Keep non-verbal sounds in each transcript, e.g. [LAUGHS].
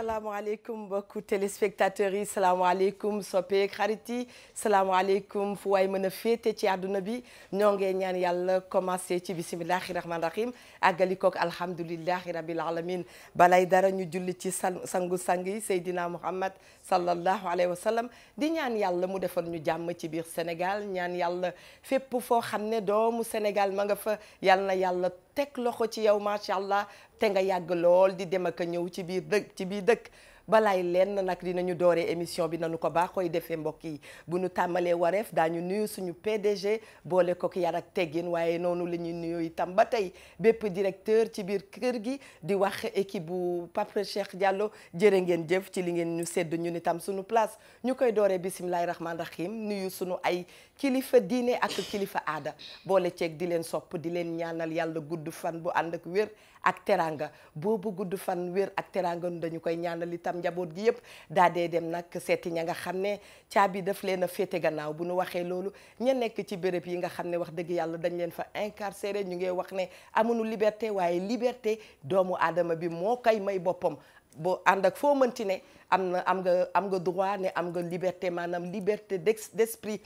salaamaaleykum mbokku téléspectateurs yi salaamaaleykum soppeek xarit yi salaamaaleykum fu waay mën a féete ci àdduna bi ñoo ngee ñaan yàlla commencé ci bisimilahi rahmaani rahim àggali koog alhamdulilahi rabil alamin balay dara ñu julli ci sangu sang yi Seydina Muhammad sallallahu alayhi wa di ñaan yàlla mu defal ñu jàmm ci biir Sénégal ñaan yàlla fépp foo xam ne doomu Sénégal ma nga fa yàlla na yàlla. teg loxo ci yow macha allah te nga yàgg lool di dem ak a ñëw ci biir dëkk ci bii dëkk balaay lenn nag ñu dooree émission bi nañu ko baaxooy defee mbokk yi bu ñu tàmbalee wareef daañu nuyu suñu PDG boole ko ki yar ak teggin waaye noonu la ñuy nuyoo itam ba tey bépp directeur ci biir kër gi di wax équipe bu Pape Cheikh jëre ngeen jëf ci li ngeen ñu sedd ñu ni tam suñu place ñu koy dooree bisimilahi rahman rahim nuyu suñu ay kilifa diine ak kilifa aada boole ceeg di leen sopp di leen ñaanal yàlla gudd fan bu ànd ak wér ak teraanga boobu gudd fan wér ak teranga nu dañu koy ñaanal itam njaboot gi yëpp daa dee dem nag seeti ña nga xam ne caabi daf leen a féete gannaaw bu nu waxee loolu ña nekk ci béréb yi nga xam ne wax dëgg yàlla dañ leen fa incarcéré ñu ngi wax ne amunu liberté waaye liberté doomu aadama bi moo koy may boppam boo ànd ak foo mënti ne am na am nga am nga droit ne am nga liberté maanaam liberté d'esprit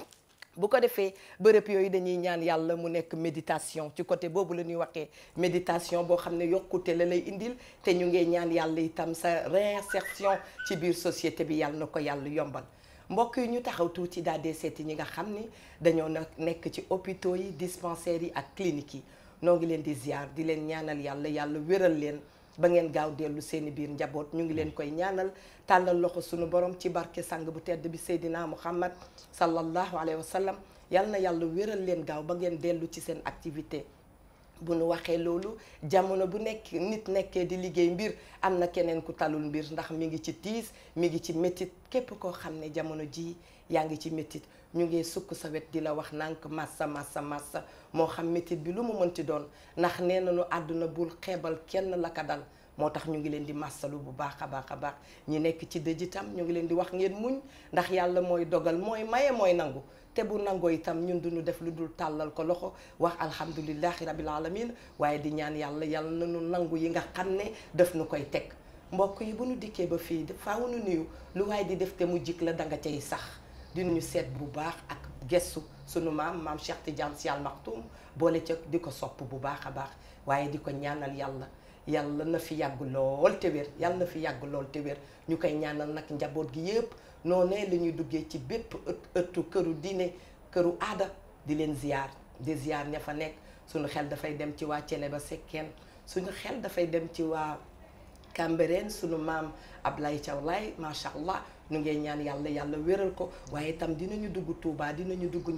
bu ko defee bërëb yooyu dañuy ñaan yàlla mu nekk méditation ci côté boobu la ñuy waxee méditation boo xam ne yokkute la lay indil te ñu ngee ñaan yàlla itam sa réinsertion ci biir société bi yàlla na ko yàlla yombal mbokk yi ñu taxaw tuuti daal dee seeti ñi nga xam ni dañoo nag nekk ci hôpitaux yi dispensaires yi ak cliniques yi noo ngi leen di ziar di leen ñaanal yàlla yàlla wéral leen ba ngeen gaaw dellu seeni biir njaboot ñu ngi leen koy ñaanal tàllal loxo sunu borom ci barke sang bu tedd bi Seydina Muhammad sallallahu alayhi wa sallam yal na yàlla wéral leen gaaw ba ngeen dellu ci seen activité bu nu waxee loolu jamono bu nekk nit nekkee di liggéey mbir am na keneen ku talul mbir ndax mi ngi ci tiis mi ngi ci métit képp koo xam ne jamono jii yaa ngi ci métit ñu ngi sukk sa wet di la wax nànk massa massa massa moo xam métit bi lu mu mënti doon ndax nee nañu àdduna bul xeebal kenn la ka dal moo tax ñu ngi leen di massalu bu baax a baax a baax ñi nekk ci dëj itam ñu ngi leen di wax ngeen muñ ndax yàlla mooy dogal mooy maye mooy nangu te bu nangoo itam ñun duñu def lu dul tàllal ko loxo wax alhamdulilahi rabil alamin waaye di ñaan yàlla yàlla na nañu nangu yi nga xam ne daf nu koy teg mbokk yi bu nu dikkee ba fii faaw nu nuyu lu waaye di def te mu jik la da nga sax dinañu seet bu baax ak gestu sunu maam maam Cheikh Tidiane Sy Al boole ca di ko sopp bu baax a baax waaye di ko ñaanal yàlla yàlla na fi yàgg lool te wér yàlla na fi yàgg lool te ñu koy ñaanal nag njaboot gi yépp noonee la ñuy duggee ci bépp ëtt këru diine këru aada di leen ziyaar di ziyaar ña fa nekk suñu xel dafay dem ci waa cene ba sekkeen suñu xel dafay dem ci waa Cambérène sunu maam Ablaye Thiaw Laye macha allah nu ngeen ñaan yàlla yàlla wéral ko waaye itam dina ñu dugg tuubaa dina ñu dugg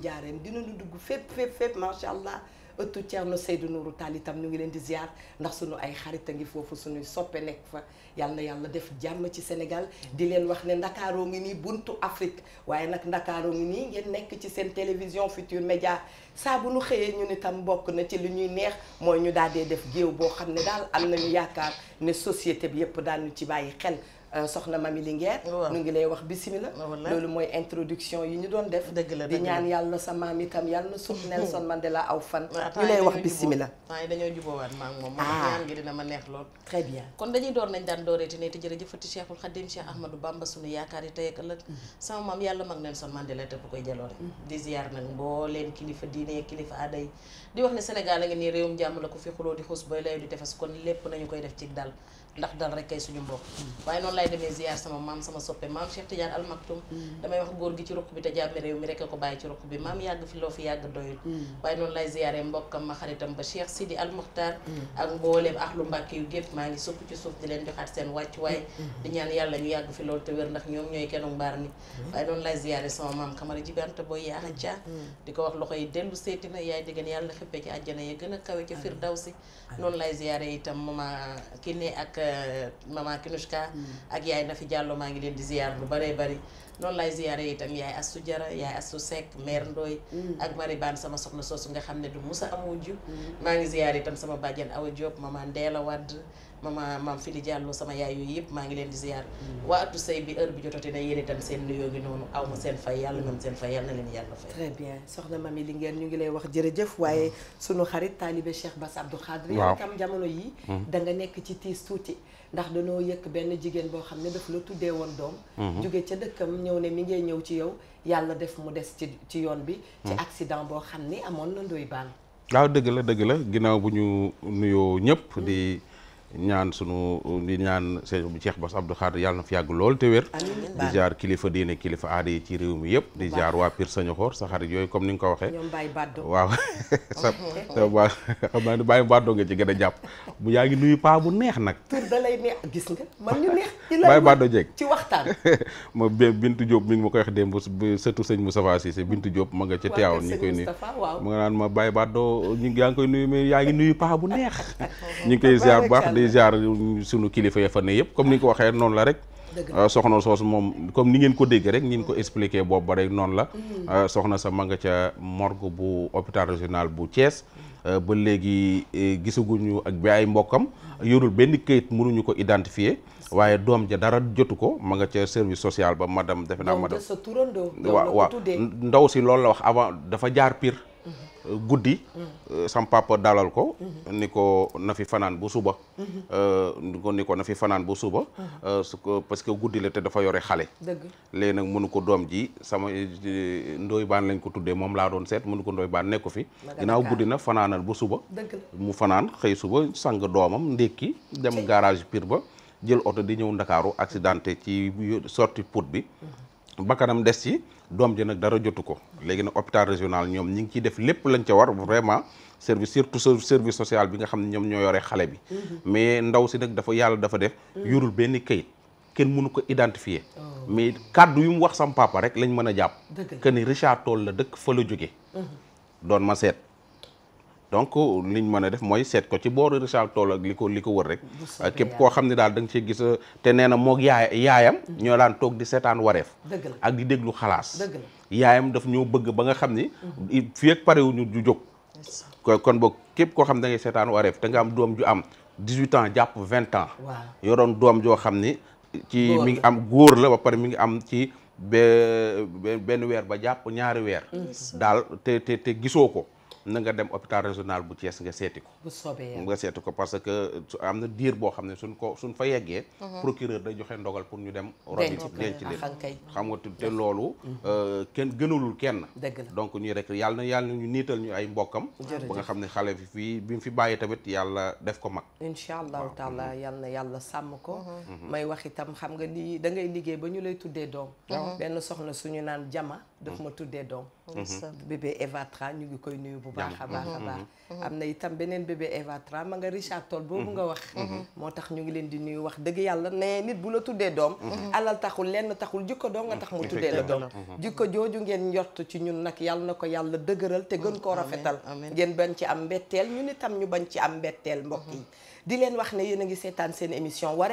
dina ñu dugg fépp fépp fépp macha allah ëttu Thierno Seydou Nourou Tall itam ñu ngi leen di ziar ndax sunu ay xarit a ngi foofu suñuy soppee nekk fa yàlla na yàlla def jàmm ci Sénégal di leen wax ne ndakaaroo ngi nii buntu Afrique waaye nag ndakaaroo ngi nii ngeen nekk ci seen télévision Futur Média saa bu nu xëyee ñu ni bokk na ci li ñuy neex mooy ñu daal dee def géew boo xam ne daal am nañu yaakaar ne société yëpp daal ci bàyyi xel Euh, soxna Mami Linguère nu ngi lay wax bisimila oh, loolu mooy introduction yi ñu doon def di ñaan yàlla sa maam itam yàlla na suuf [LAUGHS] Nelson Mandela aw fan ñu lay wax bisimila temps yi dañoo jubóowaat maa ngi moom moom ah. ñaan gi dina ma neex lool très bien kon dañuy door nañ daan dooreeti ne te jërëjëfati Cheikhul Khadim Cheikh Ahmadou Bamba sunu yaakaar yi tey ak ëllëg mm-hmm. sama maam yàlla mag Nelson Mandela te ko koy jaloore mm-hmm. di ziar nag mbooleen kilifa diine kilifa aada yi di wax ne Sénégal a ngi nii réewum jàmm la ko fi xuloo di xus booy layu di koy def ci dal ndax dal rek kay suñu mbokk waaye noonu lay demee ziar sama maam sama soppe maam Cheikh Al Maktoum mm. damay wax góor gi ci ruq bi te jàmmi réew mi rek a ko bàyyi ci ruq bi fi loo fi yàgg doyul mm. waaye noonu lay ziare mbokkam ma xaritam ba Cheikh Sidi Al Muxtar mm. ak mbooleem ahlu Mbàkke yu gépp maa ngi sukk ci leen joxaat seen wàcc waaye di ñaan yàlla ñu yàgg fi loolu te ndax ñoom ñooy kenn mbaar mi waaye noonu lay ziare sama maam Kamara Jibante booy yaa xacca di ko wax loxo yi dellu seeti na yaay diggéen yàlla xippe ci àjjana yi gën a kawe ca firdawsi noonu lay ziare itam maman Kiné ak euh, maman Kinushka mm. ak yaay Nafi Diallo maa ngi leen di ziar lu bëree bari noonu lay ziare itam yaay su jara yaay Astou Seck mère Ndoye mm. ak Marie Bane sama soxna soosu nga xam ne du musa am wujju mm. maa ngi ziare itam sama bàjjen Awa ma maman Ndeela Wade maman maam Fili Diallo sama yaay yooyu yëpp maa ngi leen di ziar. Mm. waa atu sëy bi heure bi jotati na yéen itam seen nuyoo ngi noonu aw ma seen fay yàlla ñoom seen fay yàlla na leen yàlla fay. très bien soxna mami li ngeen ñu ngi lay wax jërëjëf waaye mm. sunu xarit taalibe Cheikh Bass Abdou Khadri. waaw kam jamono yi mm. da nga nekk ci tiis tuuti. ndax dañoo yëkk benn jigéen boo xam ne daf la tuddee woon doom. Mm-hmm. jóge ca dëkkam ñëw ne mi ngay ñëw ci yow yàlla def mu des ci ci yoon bi. ci accident boo xam ni amoon na ndoy baan waaw dëgg la dëgg la ginnaaw bu ñu nuyoo ñëpp di ñaan sunu di ñaan sëñ Cheikh Bass Abdou Khadre yàlla na fi yàgg lool te wér di jaar kilifa diine kilifa aada yi ci réew mi yëpp di jaar waa Pire Sañoxoor sa xarit yooyu comme ni nga ko waxe waaw [LAUGHS] sa waa xam naa ni a jàpp bu yaa ngi nuyu paa neex nag tur da lay neex gis nga man jeeg [LAUGHS] ma Bintu Diop mi ngi koy wax démb surtout sëñ Moustapha Cissé Bintu Diop ma nga ca Tiwaawan ñu ngi koy nuyu mu nga naan ma bàyyi Baddo yaa ngi koy nuyu mais yaa ngi nuyu paa bu neex [LAUGHS] ñu ngi koy ziar baax di ziar sunu kilifa ya fa ne yëpp comme ni nga ko waxee noonu la rek. Euh, soxna soosu moom comme ni ngeen ko dégg rek ni ngeen ko expliqué boobu ba rek noonu la. Mm. Euh, soxna sa ma nga ca morgue bu hôpital régional bu cees euh, ba léegi gisaguñu ak bi ay mbokkam yorul benn kayit mënuñu ko identifier. waaye doom ja dara jotu ko ma nga ca service social ba madame defe naa madame. waaw waaw ndaw si loolu la wax dafa jaar pire. guddi euh, sam papa dalal ko ni ko na fi fanaan bu suba euh, ni ko na fi fanaan bu suba euh, su parce que guddi la te dafa yore xale léegi nag mënu ko doom ji sama eh, ndoy baan lañ ko tuddee moom laa doon seet mënu ko ndoy baan nekku fi ginnaaw guddi na fanaanal bu suba mu fanaan xëy suba sang doomam ndékki dem garage piir ba jël oto di ñëw ndakaaru accidenté ci sorti put bi mhm. bakkanam des ci doom ji nag dara jotu ko léegi nag hôpital régional ñoom ñi ngi ciy def lépp lañ ca war vraiment service surtout service social bi nga xam ne ñoom ñoo yore xale bi mm-hmm. mais ndaw si nag dafa yàlla dafa def mm-hmm. yorul benn kayit kenn mënu ko identifier oh. mais kàddu yu mu wax sam papa rek lañ mën a jàpp que ni Richard tool la dëkk fa la jóge mm-hmm. doon ma seet donc liñ mën a def mooy seet ko ci boo Richard Toll ak li ko li ko wër rek képp koo xam ne daal danga nga gis te nee na moog yaay yaayam mm-hmm. ñoo laan toog di seetaan wareef ak di déglu xalaas yaayam daf ñoo bëgg ba nga xam ni mm-hmm. fii ak pare wuñu ju jóg kon boog képp koo xam ne da seetaan wareef te nga am doom ju am dix-huit ans jàpp vingt ans yoroon doom joo xam ni ci mi ngi am góor la ba pare mi ngi am ci benn weer ba jàpp ñaari weer daal te te te gisoo ko na nga dem hôpital régional bu Thiès nga seeti ko. bu soobee nga seeti ko parce que am na diir boo xam ne suñ ko suñ fa yeggee. Mhm. procureur da joxe ndogal pour ñu dem. robi denc leen xam nga te loolu. Mhm. Euh, kenn gënalul kenn. donc ñuy rek yàlla na yàlla na ñu niital ñu ay mbokkam. ba nga xam ne xale bi fii bi mu fi bàyyi tamit yàlla def ko mag. incha allahu taala yàlla na yàlla sàmm ko. Mhm. may wax itam xam nga lii dangay ngay liggéey ba ñu lay tuddee doom. benn soxna suñu naan jama. daf ma tuddee doom mhm. bébé Eva Tra ñu ngi koy nuyu bu baax a baax a mhm. baax mhm. am na itam beneen bébé Eva Tra ma nga Richard Toll boobu nga wax moo tax ñu ngi leen di nuyu wax dëgg yàlla ne nit bu la tuddee doom alal taxul lenn taxul jikko doom nga tax mu tuddee la doom jikko jooju ngeen njort ci ñun nag yàlla na ko yàlla dëgëral te gën koo rafetal ngeen bañ ci am mbetteel ñun itam ñu bañ ci am mbetteel mbokk yi di leen wax ne yéen a ngi seetaan seen émission wa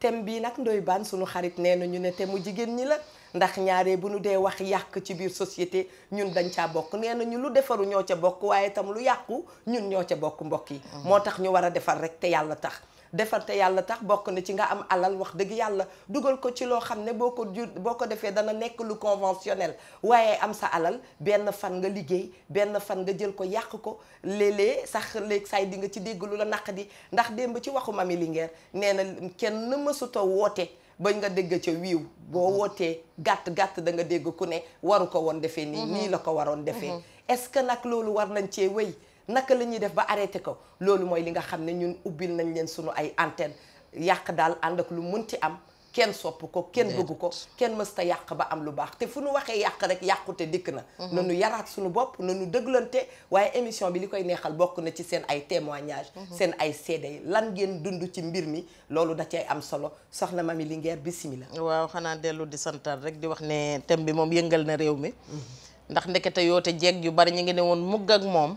thème bii nag ndoy baan suñu xarit ñu ne thème jigéen ñi la ndax ñaare bu ñu dee wax yàq ci biir société ñun dañ caa bokk nee na ñu lu defaru ñoo ca bokk waaye itam lu yàqu ñun ñoo ca bokk mbokk yi mm-hmm. moo tax ñu war a defar rek te yàlla tax defar te yàlla tax bokk na ci nga am alal wax dëgg yàlla dugal ko ci loo xam ne boo ko boo ko defee dana nekk lu conventionnel waaye am sa alal benn fan nga liggéey benn fan nga jël ko yàq ko léeg-léeg sax léeg saay di nga ci dégg lu la naq di ndax démb ci waxu mami Linguère nee na kenn mësuta woote bañ nga dégg ca wiiw boo mhm. wootee gàtt gàtt da nga dégg ku ne waru ko woon defee nii mhm. nii la ko waroon defee mhm. est-ce que nag loolu war nañ cee wéy naka la ñuy def ba arrêté ko loolu mooy li nga xam ne ñun ubbil nañ leen sunu ay antenne yàq daal ànd ak lu mun munti am kenn sopp ko kenn bëgg ko kenn mësta yàq ba am lu baax te fu nu waxee yàq rek yàqute dikk na mhm. nu yaraat suñu bopp nanu dëglante waaye émission bi li koy neexal bokk na ci seen ay témoignage mhm. seen ay seede lan ngeen dund ci mbir mi loolu da cay am solo soxna Mamy Linguère bismillah waaw xanaa dellu di santal rek di wax ne thème bi moom yëngal na réew mi mhm. ndax ndekete yoo te jeeg yu bari ñu ngi ne woon mugg ak moom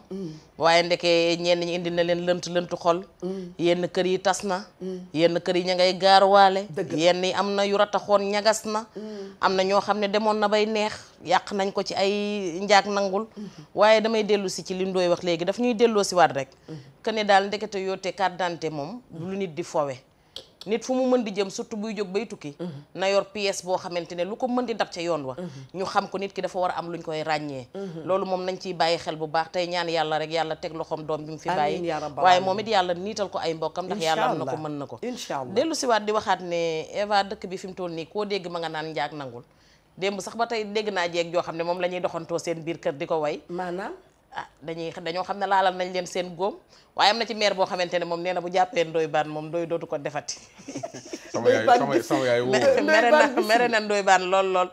waaye ndeke ñenn ñi indi na leen lënt lënt xol yenn kër yi tas na yenn kër yi ña ngay gaaruwaale yenn yi am na yu rataxoon ñagas na am na ñoo xam ne demoon na bay neex yàq nañ ko ci ay njaag nangul waaye damay dellu si ci li dooy wax léegi daf ñuy delloo si waat rek que ne daal ndekete yoo te carte moom lu nit di fowe nit fu mu mën di jëm surtout buy jóg bay tukki mhm. na yor pièce boo xamante ne lu ko mën di dab ca yoon wa mhm. ñu xam ko nit ki dafa war am lu luñ koy ràññee mhm. loolu moom nañ ciy bàyyi xel bu baax tey ñaan yàlla rek yàlla teg loxoom doom bi mu fi bàyyi waaye moom it yàlla niital ko ay mbokkam ndax yàlla am na ko mën na ko dellu siwaat di waxaat ne Eva dëkk bi fi tool toll nii koo dégg ma nga naan njaag nangul démb sax ba tey dégg naa jeeg joo xam ne moom la ñuy doxantoo seen biir kër di ko way maanaam ah dañuy dañoo xam ne laalal nañ leen seen góom waaye am na ci maire boo xamante ne moom nee na bu jàppee ndoy baan moom ndoy dootu ko defati. [LAUGHS] sama yaay sama yaay [LAUGHS] mere na ndoy baan lool lool.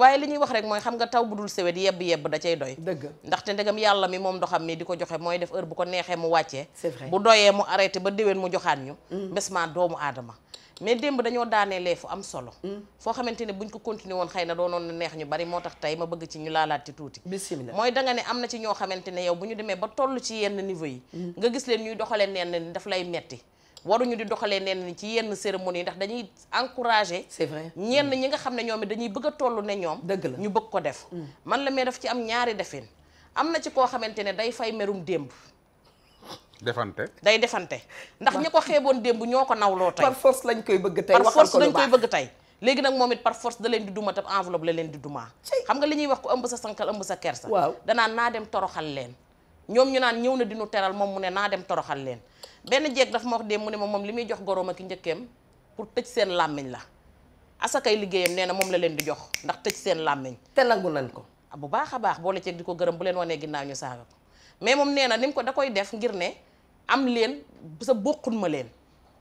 waaye li ñuy wax rek mooy xam nga taw bu dul sewet yebb yebb da cay doy. dëgg ndaxte ndegam yàlla mi moom ndoxam mi di ko joxe mooy def heure bu ko neexee mu wàcce c'est bu doyee mu arrêté ba déwén mu joxaan ñu. mbes mm. maa doomu aadama. mais démb dañoo daaneelee fu am solo. Hmm. foo xamante ne buñ ko continuer woon xëy na doonoon na neex ñu bari moo tax tey ma bëgg ci ñu laalaat ci tuuti. mooy danga ne am na ci ñoo xamante ne yow bu ñu demee ba toll ci yenn niveau yi. Hmm. nga gis leen ñuy doxalee neen ni daf lay metti waruñu di doxalee neen ni ci yenn cérémonie ndax dañuy encourager. c'est vrai ñenn hmm. ñi nga xam ne ñoom it dañuy bëgg a toll ne ñoom. dëgg la ñu bëgg ko def. man la mais daf ci am ñaari defin am na ci koo xamante ne day fay merum démb defante day defante ndax ñi ko xeeboon démb ñoo ko nawloo tey par force lañ koy bëgg tey par force lañ bëgg tey léegi nag moom it par force da leen di duma te enveloppe la leen di duma xam nga li ñuy wax ko ëmb sa sankal ëmb naa dem toroxal leen ñoom ñu naan ñëw na dinu teral moom mu ne naa dem toroxal leen benn jeeg dafa ma wax mu ne ma moom li muy jox goroom ak njëkkeem seen làmmiñ la asakay liggéeyam nee na moom la leen di jox ndax tëj seen làmmiñ te nangu nañ ko ah, bu baax a baax boole ceeg di ko gërëm bu leen wanee ginnaaw ñu saaga ko mais moom nee na ni mu ko da koy def ngir ne am leen sa bokkun ma leen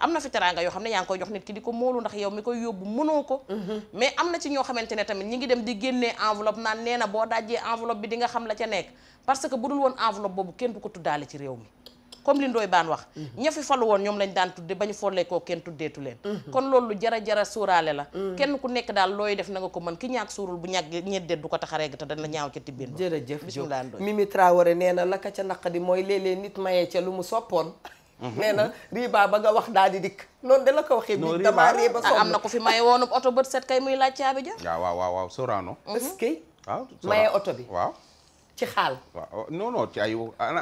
am na fi teraanga yoo xam ne yaa ngi koy jox nit ki di ko moolu ndax yow mi koy yóbbu mënoo ko mhm. mais am na ci ñoo xamante ne tamit ñi ngi dem di génnee enveloppe naan nee na boo dajjee enveloppe bi di nga xam la ca nekk parce que bu dul woon enveloppe boobu kenn du ko tuddaale ci réew mi comme li Ndoye Bane wax ña fi falu woon ñoom lañ daan tudde ba ñu follee koo kenn ku nekk daal looy def na nga ko mën ki ñaak suurul bu ñàkk ñeddeet du ko tax a regg te dañ la ñaaw ca tibbin jërëjëf bismillah Ndoye Mimi Traoré nee na la ka ca naqadi mooy léeg-léeg nit mayee ca lu mu mhm. wax daal di dikk noonu de la ko waxee bi damaa ree ba ah, am na ko fi maye woonub oto bët set kay muy laaj caabi ja waaw waaw waaw waaw ah, maye oto bi waaw ci xaal. waaw ci ay. Ah,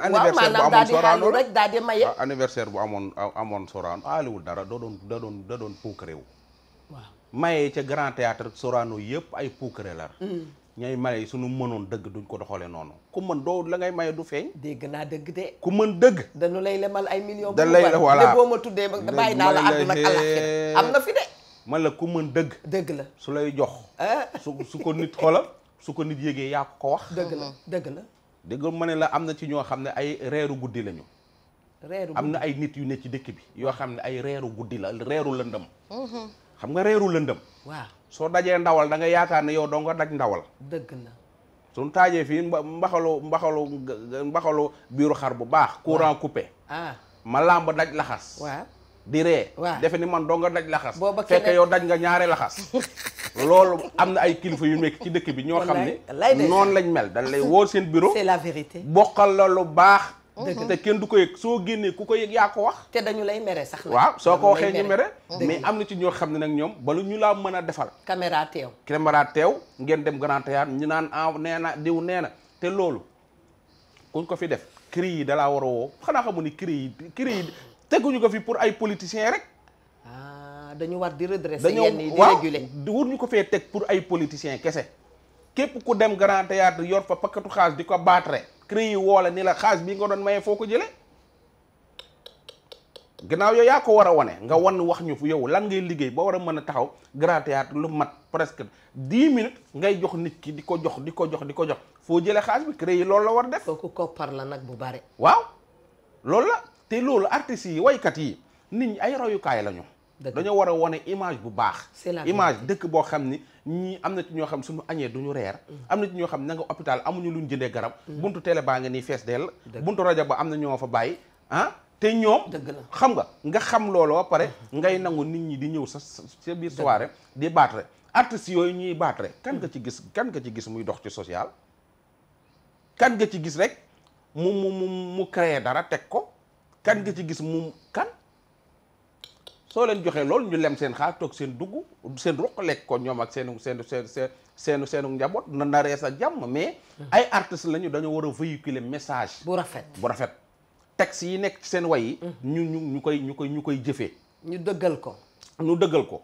anniversaire bu amoon ah, Sorano rek daal di dara da doon da doon da maye ca grand théâtre yëpp ay puukare la. Mm. ñay maye suñu mënoon dëgg duñ ko doxalee noonu. ku mën doo la ngay maye du feeñ. dégg naa dégg de. ku mën dëgg. dañu lay lemal ay million dañu lay voilà te ma tuddee bàyyi naa la àdduna ak àllaxira am na fi de. man la ku mën dëgg. dëgg la su lay jox. Ah. su ko nit xoolal. [LAUGHS] su ko nit yëgee yaa ko wax. dëgg la uh-huh. dëgg la. dëgg ma ne la am na ci ñoo xam ne ay reeru guddi lañu. reeru am na ay nit yu ne ci dëkk bi yoo xam ne ay reeru guddi la reeru lëndëm. Uh-huh. xam nga reeru lëndëm. waa soo dajee ndawal danga yaakaar ne yow doo nga daj ndawal. dëgg la. suñ taajee fii mbaxalu mbaxalu mbaxalu biiru xar bu baax. courant coupé. ah ma làmb daj laxas. waaw. di ree defe ni man doo nga daj laxas fekk yow daj nga ñaare laxas [LAUGHS] loolu am na ay kilifa yu nekk ci dëkk bi ñoo xam ne noon lañ mel dañ lay woo seen bureau c'est la vérité bokkal la lu baax te kenn du ko yëg soo génnee ku ko yëg yaa ko wax te dañu lay mere sax waaw soo ko waxee ñu mere mais am na ci ñoo xam ne nag ñoom balu ñu laa mën a defal caméra teew caméra teew ngeen dem Grand Théâtre ñu naan ah nee na diw nee na te loolu kuñ ko fi def cri yi dalaa war a woo xanaa xamu yi teguñu ko fi pour ay politiciens rek. ah dañu war di redresser. yenn yi di réguler dañoo waaw ñu ko fee teg pour ay politicien kese. képp ku dem grand théâtre yor fa pakkatu xaalis di ko baatre créé woola ni la xaalis bi nga doon maye foo ko jële gannaaw yow yaa ko war a wane nga wan wax ñu fu yow lan ngay liggéey ba war a mën a taxaw grand théâtre lu mat presque dix minutes ngay jox nit ki di ko jox di ko jox di ko jox foo jëlee xaalis bi créé loolu la war def. kooku koppar la nag bu bare. waaw te loolu artistes yi woykat yi nit ñi ay royukaay lañu dañoo war a wane image bu baax image dëkk boo xam ni ñii am na ci ñoo xam suñu añee duñu reer mm. am na ci ñoo xam na nga hôpital amuñu lu luñ jëndee garab mm. buntu télé baa nga nii fees dell buntu rajo ba am na ñoo fa bàyyi ah te ñoom xam nga nga xam loolu ba pare mm-hmm. ngay nangu nit ñi di ñëw sa sa biir soirée di baatre artistes yooyu ñuy baat rek kan nga ci gis kan nga ci gis muy dox ci social kan nga ci gis rek mu mu mu mu créer dara teg ko kan nga ci gis mu kan soo leen joxee lool ñu lem seen xaar toog seen dugg seen ruq lekk ko ñoom ak seenu seenu seen seenu seenu njaboot na narees ak jàmm mais mm-hmm. ay artistes lañu dañoo war a véhiculer message bu rafet bu rafet texte yi nekk ci seen way yi mm-hmm. ñu ñu ñu koy ñu koy ñu koy jëfee ñu dëggal ko ñu dëggal ko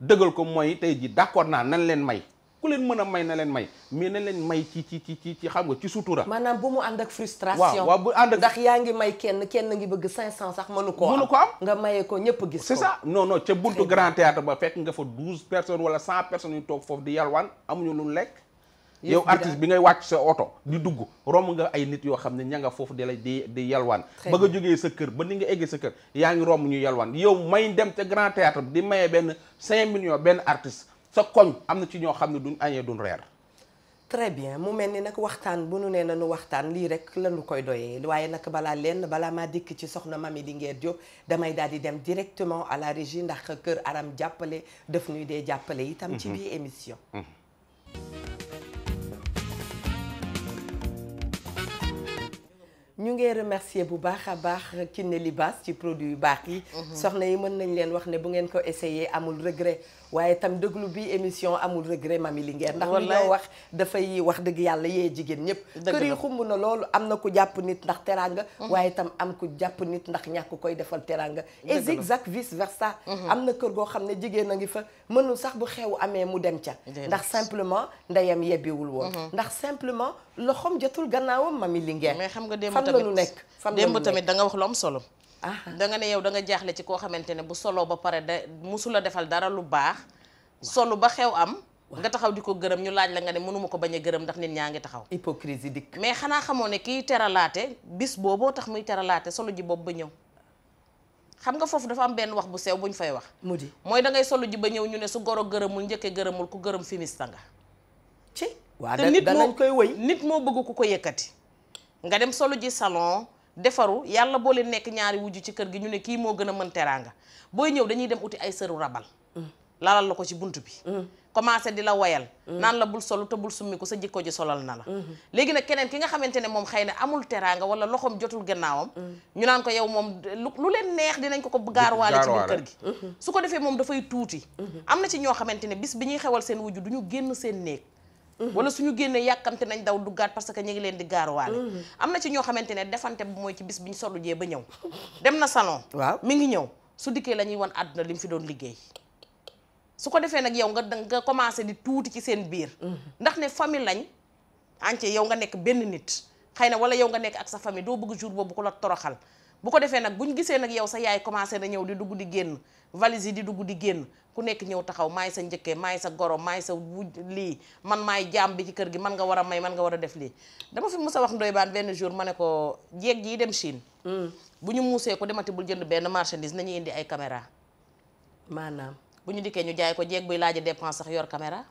dëggal ko mooy tey ji d'accord naa nan leen may ku leen mën a may na leen may mais na leen may ci ci ci ci xam nga ci sutura. maanaam bu mu ànd ak frustration. waaw bu ànd ak ndax yaa ngi may kenn kenn ngi bëgg 500 sax mënu ko am mënu ko am nga maye ko ñëpp gis ko. c'est ça non non ca buntu grand théâtre ba fekk nga fa 12 personnes wala 100 personnes yu toog foofu di yalwaan amuñu lu lekk. yow artiste bi ngay wàcc sa oto di dugg romb nga ay nit yoo xam ne ña nga foofu di lay di di yalwaan ba nga jógee sa kër ba ni nga eggee s kër yaa ngi romb ñu yalwaan yow may dem ca grand théâtre di mayee benn cinq millions benn artiste sa koñ am na ci ñoo xam ne duñ añee duñ reer très bien mu mel ni nag waxtaan bu nu nee na nu waxtaan lii rek lañu koy doyee waaye nag balaa leen balaa maa dikk ci soxna Mamy Linguère Diop damay daal di dem directement à la régi ndax kër Aram jàppale daf ñuy dee jàppale itam ci mhm. biir émission mhm. ñu ngi remercier bu baax a baax li Libaas ci produit yu baax yi mhm. soxna yi mën nañ leen wax ne bu ngeen ko essayé amul regret waaye itam déglu bi émission amul regret Mami Linguère ndax li ñoo wax dafay wax dëgg yàlla yee jigéen ñëpp kër yi xumb na loolu am na ku jàpp nit ndax teraanga mhm. waaye itam am ku jàpp nit ndax ñàkk koy defal teranga et zigzag versa mhm. am na kër goo xam ne jigéen a ngi fa mënul sax bu xew amee mu dem ca ndax simplement ndeyam yebbiwul woon mhm. ndax simplement loxoom jotul gannaawam Mami Linguère mais xam nga démb tamit fan la ñu nekk démb tamit da nga wax lu am solo da nga ne yow da nga jaaxle ci koo xamante ne bu solo ba pare da musula defal dara lu baax solo ba xew am nga taxaw di ko gërëm ñu laaj la nga ne mënuma ko bañ a gërëm ndax nit ñaa ngi taxaw hypocrisie dikk mais xanaa xamoo ne kiy teralaate bis booboo tax muy teralaate solo ji boobu ba ñëw xam nga foofu dafa am benn wax bu sew bu ñu fay wax mu di mooy da ngay solo ji ba ñëw ñu ne su goro gërëmul njëkke gërëmul ku gërëm fimista nga ci waaw te nit moo koy wëy nit moo bëgg ku ko yëkkati nga dem solo ji salon defaru yàlla boo leen nekk ñaari wujj ci kër gi ñu ne kii moo gën a mën teraanga booy ñëw dañuy dem uti ay sëru rabal mm. lalal la ko ci bunt bi mm. commencé di la woyal mm. naan la bul solu te bul summi ko sa jikko ji solal na la mm-hmm. léegi nag keneen ki nga xamante ne moom xay na amul teraanga wala loxoom jotul gannaawam ñu naan ko yow moom lu leen neex dinañ ko ko gaaruwaale ci biir kër gi mm-hmm. su ko defee moom dafay tuuti mm-hmm. am na ci ñoo xamante ne bis bi ñuy xewal seen wujju du génn seen néeg Mm-hmm. wala suñu génnee yàkkamte nañ daw duggaat parce que ñu ngi leen di gaaruwaale mm-hmm. am na ci ñoo xamante ne defante bu mooy ci bis bi ñu ba ñëw dem na salon waaw mi ngi ñëw su dikkee la ñuy wan àdduna li mu fi doon liggéey su ko defee nag yow nga nga commencé di tuuti ci seen biir mm-hmm. ndax ne famille lañ entier yow nga nekk benn nit xay na wala yaw nga nekk ak sa fami doo bëgg jour boobu ko la toroxal bu ko defee nag bu ñu gisee nag yow sa yaay commencé na ñëw di dugg di génn valise yi di dugg di génn ku nekk ñëw taxaw maay sa njëkkee maay sa goro maay sa wuj lii man maay jaam bi ci kër gi man nga war a may man nga war a def lii dama fi mës a wax ndoy baan benn jour ma ne ko jeeg ji dem Chine mm. bu ñu muusee ko demate bul jënd benn marchandise nañu indi ay caméra maanaam bu ñu dikkee ñu jaay ko jeeg buy laaj dépense sax yor caméra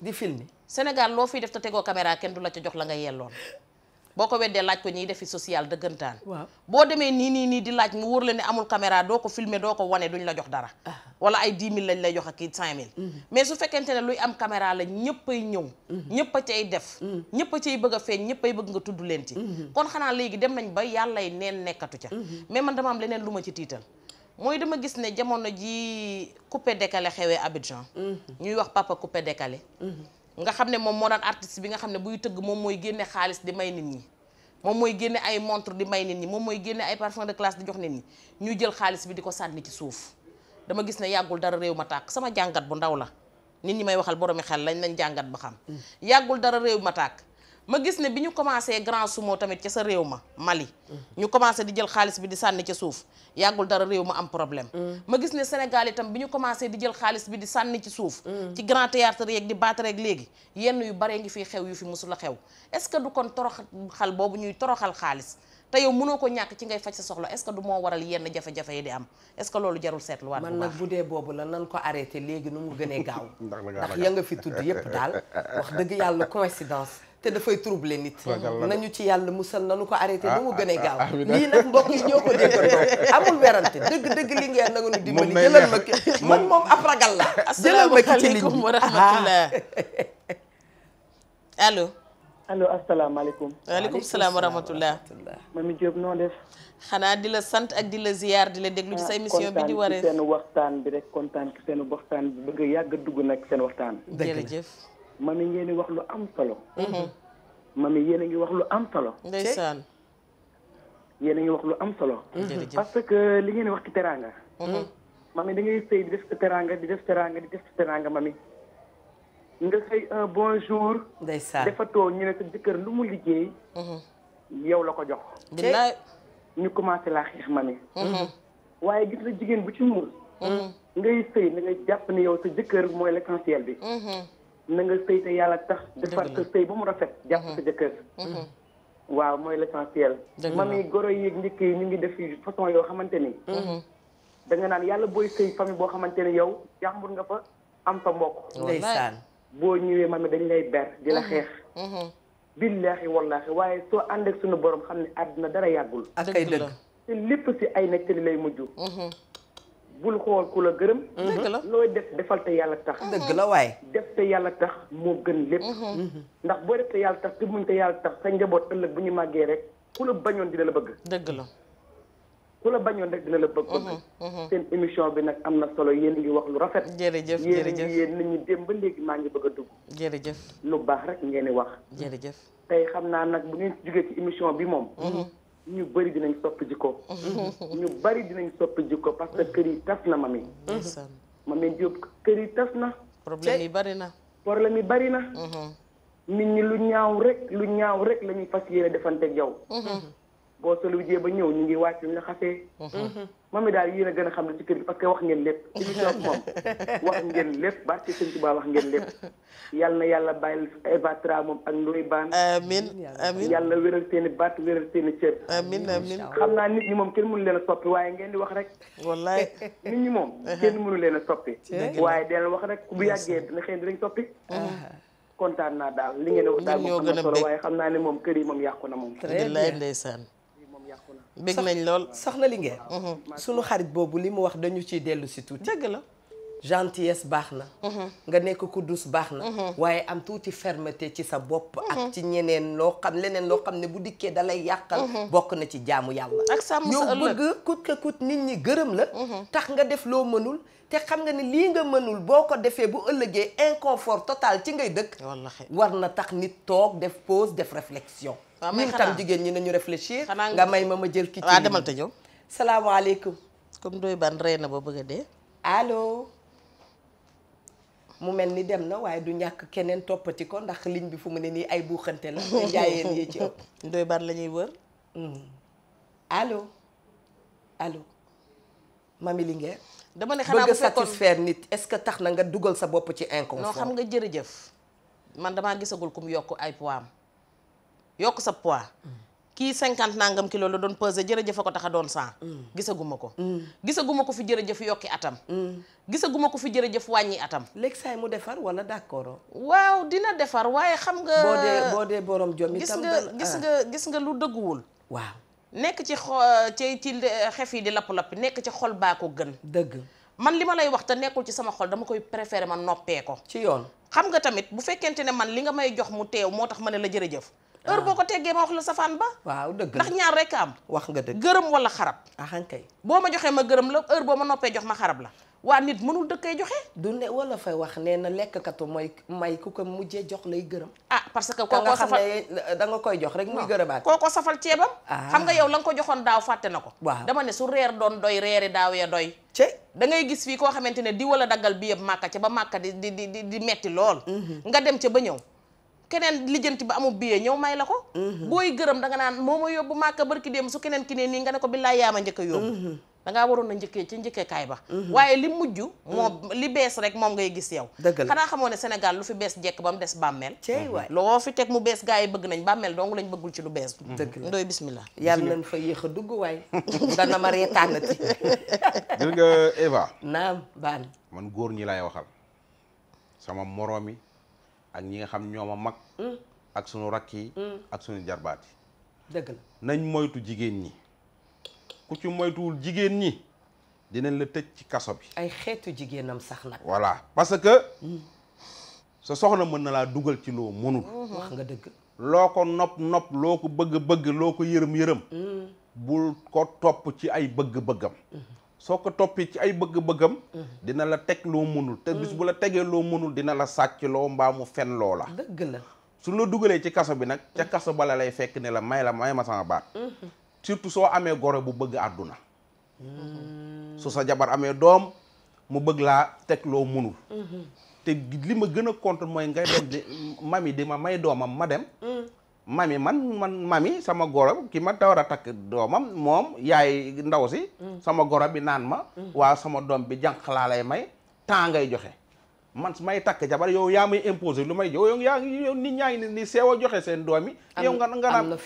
di filmer Sénégal loo fiy def te tegoo caméra kenn du la ca jox la nga yelloon boo ko weddee laaj ko ñiy defi social dëggantaan boo demee nii nii nii di laaj mu wóor la ne amul caméra doo ko filmer doo ko wane duñ la jox dara ah. wala ay 10 000 lañ lay jox ak i 5 000 mais su fekkente ne luy am caméra la ñëpp ay ñëw mhm. ñëpp a cay def mhm. ñëpp a cay bëgg a feeñ ñëpp ay bëgg nga tudd leen ci mhm. kon xanaa léegi dem nañ ba yàllay neen nekkatu ca mais man dama am leneen luma ci tiital mooy dama gis ne jamono ji coupé décalé xewee Abidjan ñuy wax papa coupé décalé nga xam ne moom moo daan artiste bi nga xam ne buy tëgg moom mooy génne xaalis di may nit ñi moom mooy génne ay montre di may nit ñi moom mooy génne ay parfum de classe di jox nit ñi ñuy jël xaalis bi di ko sànni ci suuf dama gis ne yàggul dara réew ma tàkk sama jàngat bu ndaw la nit ñi may waxal boroomi xel lañ lañ jàngat ba xam mm. yàggul dara réew ma tàkk ma gis ne bi ñu commencé grand sumo tamit ca sa réew ma Mali ñu commencé di jël xaalis bi di sànni ca suuf yàggul dara réew ma am problème ma gis ne Sénégal itam bi ñu commencé di jël xaalis bi di sànni ci suuf ci grand théâtre yeeg di battre ak léegi yenn yu bare ngi fiy xew yu fi musul a xew est-ce que du kon toroxal boobu ñuy toroxal xaalis te yow mënoo ko ñàkk ci ngay faj sa soxla est du moo waral yenn jafe-jafe yi di am est-ce que loolu jarul seetluwaat man nag dee boobu la nan ko arrêté léegi nu mu gënee gaaw [LAUGHS] nga fi tudd yépp daal wax dëgg yàlla te dafay troubler nit nañu ci yàlla musal nanu ko arrêté ba mu ah, gën a ah, gaaw ah, lii nag mbokk yi ñoo ko déggandoo [LAUGHS] amul werante dëgg dëgg li ngeen nangu ma ki man moom ab ragal la jëlal ma ki ci ligne bi wa rahmatullah [LAUGHS] allo allo asalaamaaleykum waaleykum salaam wa rahmatullah Mamy noo xanaa di la sant ak di la ziyaar di la déglu ci sa émission bi di warees seen waxtaan bi rek kontaan ki seen waxtaan bi bëgg yàgg dugg nag seen waxtaan jërëjëf mami ngeen di wax lu am solo. Mm-hmm. mami yéen a ngi wax lu am solo. ndeysaan. yéen a ngi wax lu am solo. Mm-hmm. parce que li ngeen di wax ci teraanga. Mm-hmm. mami da ngay sëy di def sa teraanga di def teraanga di def sa teraanga mami. nga sëy un bon jour. ndeysaan defatoo ñu ne sa jëkkër lu mu liggéey. yow la ko jox. billaay ñu commencé laa xeex mami. waaye gis na jigéen bu ci muur. ngay sëy da nga jàpp ne yow sa jëkkër mooy l'essentiel bi. na nga sëy te yàlla tax defar sa sëy ba mu rafet jàpp sa mhm. jëkkër mhm. waaw mooy l'essentiel mami goro yi njëkk yi ñu ngi def façon yoo xamante ni mhm. danga naan yàlla booy sëy famille boo xamante ni yow jàmbur nga fa am sa mbokk ndeysaan boo ñëwee mami dañ lay ber di la xeex billaahi wallaahi waaye soo ànd ak suñu borom xam ne àdduna dara yàggul ak ay dëgg te lépp si ay nekk li lay mujj bul xool ku la gërëm. dëgg la looy def defal te yàlla tax. dëgg la waaye def te yàlla tax moo gën lépp. Mhm. Mhm. ndax boo def te yàlla tax te muñ te yàlla tax sa njaboot ëllëg bu ñu màggee rek ku la bañoon dina la bëgg. dëgg la. ku la bañoon rek dina la bëgg bëgg. Mhm. seen émission bi nag am na solo yéen ngi wax lu rafet. jërëjëf jërëjëf yéen yéen nit ñi dem ba léegi maa ngi bëgg a dugg. lu baax rek ngeen di wax. jërëjëf tey xam naa nag bu ñu jógee ci émission bi moom. ñu bëri dinañ soppi jikko. Mhm. ñu bëri dinañ soppi jikko parce que kër yi tas na mami. mami Diop kër yi tas na. problème yi bari na. problème mi bari na. Mhm. nit ñi lu ñaaw rek lu ñaaw rek la ñuy fas yéene defanteeg yow. Mhm. boo solu bi jee ba ñëw ñu ngi wàcc ñu la xasee. Mm-hmm. mami daal yéen a gën a xam ne ci kër gi parce que wax ngeen lépp [LAUGHS] émission bi moom wax ngeen lépp barke Sëñ Tuubaa wax ngeen lépp [LAUGHS] yal na yàlla bàyyil Eva Tra moom ak Ndoye Bane amin amin yàlla wéral seen i baat wéral seen i cër amin amin xam naa nit ñi moom kenn mënu leen a soppi waaye ngeen di wax rek wallaay [LAUGHS] nit ñi moom uh-huh. kenn mënu leen a soppi waaye dinañ wax rek ku bu yàggee dina xëy dinañ soppi uh-huh. kontaan naa daal li ngeen wax daal waaye xam naa ne kër yi moom yàqu na moom ndeysaan bëgg nañ lool soxna li ngeen mhm. suñu xarit boobu li mu wax dañu ciy dellu si tuuti dëgg la gentillesse baax na mhm. nga nekk ku douce baax na mhm. waaye am tuuti fermeté ci sa bopp ak ci ñeneen loo xam leneen loo xam ne bu dikkee dalay yàqal bokk na ci jaamu yàlla ak sa ëllëg yow bëgg kut ka kut nit ñi gërëm la tax nga def loo mënul te xam nga ni lii nga mënul boo ko defee bu ëllëgee inconfort total ci ngay dëkk war na tax nit toog def pose def réflexion ñun tam jigéen ñi nañu réfléchir nga may ma ma jël ki ci waaw demal te ñëw salaamaaleykum comme doy ban rey na ba bëgg a dee allo mu mel ni dem na waaye du ñàkk keneen toppati ko ndax ligne bi fu mu ne nii ay buuxante la te njaayeen yee ci ëpp [LAUGHS] doy ban la ñuy wër hmm. allo allo mami Linguère dama ne xanaa bëgg satisfaire nit est-ce que tax na nga dugal sa bopp ci inconfort non xam nga jërëjëf man damaa gisagul kum yokk ay poids yokk sa poids kii cinquante nangam kilo la doon pesé jërëjëf a ko tax a doon cent mm. gisaguma ko mm. gisaguma ko fi jërëjëf yokki atam mm. gisaguma ko fi jëf wàññi atam léegi saay mu defar wala d'accord waaw dina defar waaye xam nga boo dee boo dee borom jom itam gis nga gis ah. nga gis nga lu dëgguwul waaw nekk ci xo ci ci xef yi di lapp-lappi nekk ci xol baa ko gën dëgg man li ma lay wax te nekkul ci sama xol dama koy préféré ma noppee ko ci yoon xam nga tamit bu fekkente ne man li nga may jox mu teew moo tax ma ne la jërëjëf Ah. heure boo ko teggee ma wax la safaan ba. waaw dëgg ndax ñaar rek am. wax nga dëgg gërëm wala xarab. ahankay boo ma joxee ma gërëm la heure boo ma noppee jox ma xarab la. waa nit mënul dëkk ay joxe. du ne wala fay wax nee na lekkatu mooy may ku ko mujjee jox lay gërëm. ah parce que kookoo safal eh, da nga koy jox rek muy gërëmaat. kookoo safal ceebam. Ah. xam nga yow la nga ko joxoon daaw fàtte na ko. waaw dama ne su reer doon doy reeri daaw ya doy. ci dangay gis fii koo xamante ne di wala daggal bi yëpp màkka ca ba màkka di di di di metti lool. Mm-hmm. nga dem ca ba ñëw. keneen lijjanti ba amul billet ñëw may la ko mhm. booy gërëm da nga naan moo ma yóbbu màkka barki dem su keneen ki ne nii nga ne ko billaay yaa ma njëkk a yóbbu mhm. da waroon a njëkkee ci njëkkeekaay ba mhm. waaye li mujj moo li bees rek moom ngay gis yow xanaa xamoo ne senegal lu fi bees jekk ba mu des bàmmeel loo fi teg mu bees gaa yi bëgg nañ bàmmeel dong lañ bëggul ci lu bees dëgg la ndooy bismillah yàlla nañ fa yéex a dugg waaye [LAUGHS] dana ma reetaanati [LAUGHS] jël nga Eva naam baan man góor ñi laay waxal sama moroomi ak ñi nga xam ñoom a mag hmm. ak sunu rakk yi hmm. ak suñu jarbaat yi dëgg nañ moytu jigéen ñi ku ci moytuwul jigéen ñi dinañ la tëj ci kaso bi ay xeetu jigéenam sax nag voilà parce que hmm. sa soxna mën na laa dugal ci loo mënul wax nga dëgg loo ko nopp nopp loo ko bëgg bëgg loo ko yërëm yërëm bul ko topp ci ay bëgg-bëggam soo ko toppee ci ay bëgg-bëggam dina la teg loo mënul te bis bu la tegee loo mënul dina la sàcc loo mbaa mu fen loo la dëgg la su la dugalee ci kaso bi nag ca kaso bala lay fekk ne la may la may ma sama baat surtout soo amee goro bu bëgg àdduna su sa jabar amee doom mu bëgg laa teg loo mënul te li ma gën a contre mooy ngay dem di mami di ma may doomam ma dem mami man man mami sama goro ki ta tawar a takk doomam moom yaay ndaw si mm. sama goro bi naan ma mm. waa sama doom bi jànq laa lay may temps ngay joxe man su may takk jabar yow yaa may imposé lu may jox yow yaa ngi ñaa ngi ni seew joxe seen doom yi yow nga nga naan am na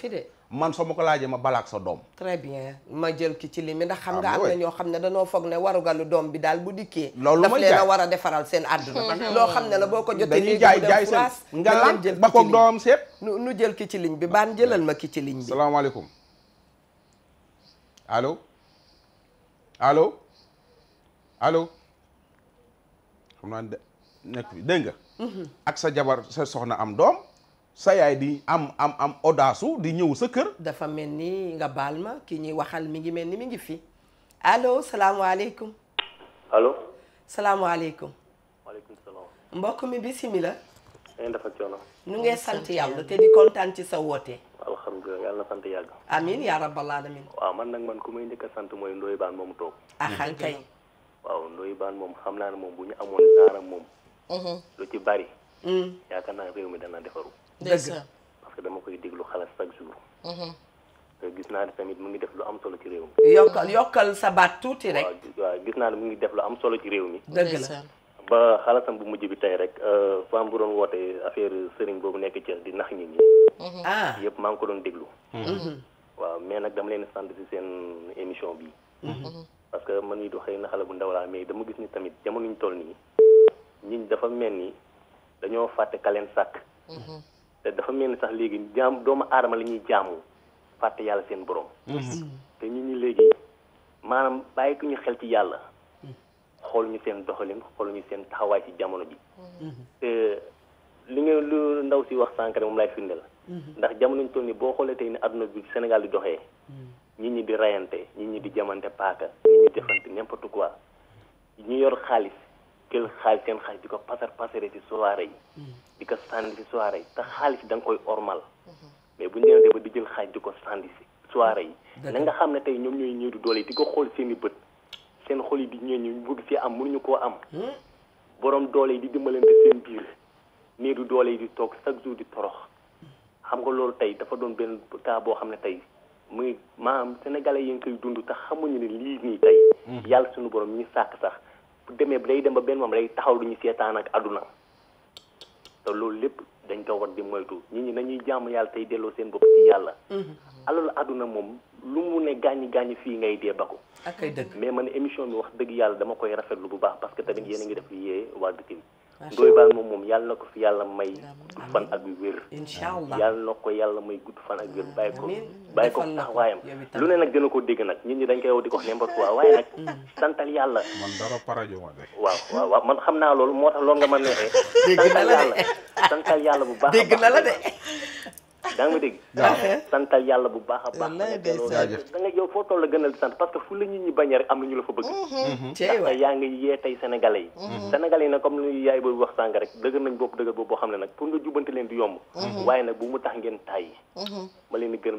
man soo ma ko laajee ma balaak sa doom très bien ma jël ki ci li mi ndax xam ah, nga am na ñoo xam ne danoo foog ne warugalu doom bi daal bu dikkee loolu daf leen war a defaral seen àdduna hmm, hmm. loo xam ne la boo ko jotee dañuy jaay jaay seen nga lan ba koog doomam seet nu jël ki ci ligne bi baan jëlal ma ki ci ligne bi salaamaaleykum allo allo allo xam naa nekk fi dégg nga mhm. ak sa jabar sa soxna am doom sa yaay di am am am audace di ñëw sa kër. dafa mel ni nga baal ma ki ñuy waxal mi ngi mel ni mi ngi fii allo salaamaaleykum. allo. salaamaaleykum. maaleykum salaam. mbokk mi bi simila def ak ñu ngi sant yàlla te di kontaan ci sa woote. alhamdulilah yàlla na sant yàgg. amiin yaa rabbal alamin. waaw man nag man ku may njëkk sant mooy Ndoye Bane moom toog. axal kay. waaw Ndoye Bane moom xam naa ne moom bu ñu mhm. lu ci bari. Mm. yaakaar naa réew mi dana defaru. dëgg parce que dama koy déglu xalaat chaque jour. Mhm. te gis naa ne tamit mu ngi def lu am solo ci réew mi. yokkal yokkal sa baat tuuti rek. waaw gis naa ne mu ngi def lu am solo ci réew mi. dëgg la ba xalaatam bu mujj bi tey rek euh, femme bu doon woote affaire sëriñ boobu nekk ci di nax nit ñi. Mhm. ah maa ngi ko doon déglu. Mhm. waaw mais nag dama leen sant ci seen émission bi parce que man mii du xëy na xale bu ndaw laa mais dama gis ni tamit jamono ñu toll nii. ñi dafa mel ni dañoo fàtte kaleen sàkk. te dafa mel ni sax léegi jaam doomu aadama la ñuy jaamu fàtte yàlla seen borom. Mhm. te ñu ñi léegi maanaam bàyyi ko ñu xel ci yàlla. Mhm. xool ñu seen doxalin xool ñu seen taxawaay ci jamono ji. Mhm. te li nga lu ndaw si wax sànq moom laay firndeel. ndax jamono ñu toll nii boo xoolee tey ni àdduna bi di doxee. ñit ñi di rayante ñit ñi di jamante paaka. ñit ñi defante n'importe quoi. ñu yor xaalis. jël xaalis seen xaalis di ko pasar pasare ci soirée yi mm-hmm. di ko sànni si soirée yi te xaalis da koy ormal mais bu ñu demee ba di jël xaaj di ko sànni si soirée yi la nga xam ne tey ñoom ñooy ñëw di doole yi di ko xool seen i bët seen xol yi di ñëw ñu bëgg si am ñu ko am hmm? borom doole yi di dimbalante seen biir nii du doole yi di toog chaque jour di torox xam nga loolu tey dafa doon benn taa boo xam ne tey muy maanaam sénégalais yi nga koy dund te xamuñu ne lii ñu hmm. sàkk bu demee day dem ba benn moom day taxaw lu ñu seetaan ak àdduna te loolu lépp dañ ko war di moytu nit ñi nañuy jaamu yàlla tey delloo seen bopp ci yàlla. Mm-hmm. alalu àdduna moom lu mu ne gaañi gaañi fii ngay dee ba ko. ak ay dëgg mais man émission bi wax dëgg yàlla dama koy rafetlu bu baax parce tamit yéen a ngi def yee waa dëkk Ndoye Bane moom moom yàlla na ko fi yàlla may gudd fan ak wér. incha allah yàlla na ko yàlla may gudd fan ak wér bàyyi ko bàyyi ko taxawaayam lu ne nag dina ko dégg nag nit ñi dañ koy wax di ko wax n'importe quoi waaye nag mm. santal yàlla. man dara parajo ma de. waaw waaw waaw man xam naa loolu moo tax loolu nga ma neexee. dégg na la de santal yàlla santal yàlla bu baax na la de. yaa ngi ma dégg. santal yàlla bu baax a baax. da nga yow foo toll la gënal di sant parce que fu la nit ñi rek am na ñu la fa bëgg. Mhm. Mhm. ceeb ngi yee lu mhm. yaay booy wax sànq di yomb. waaye nag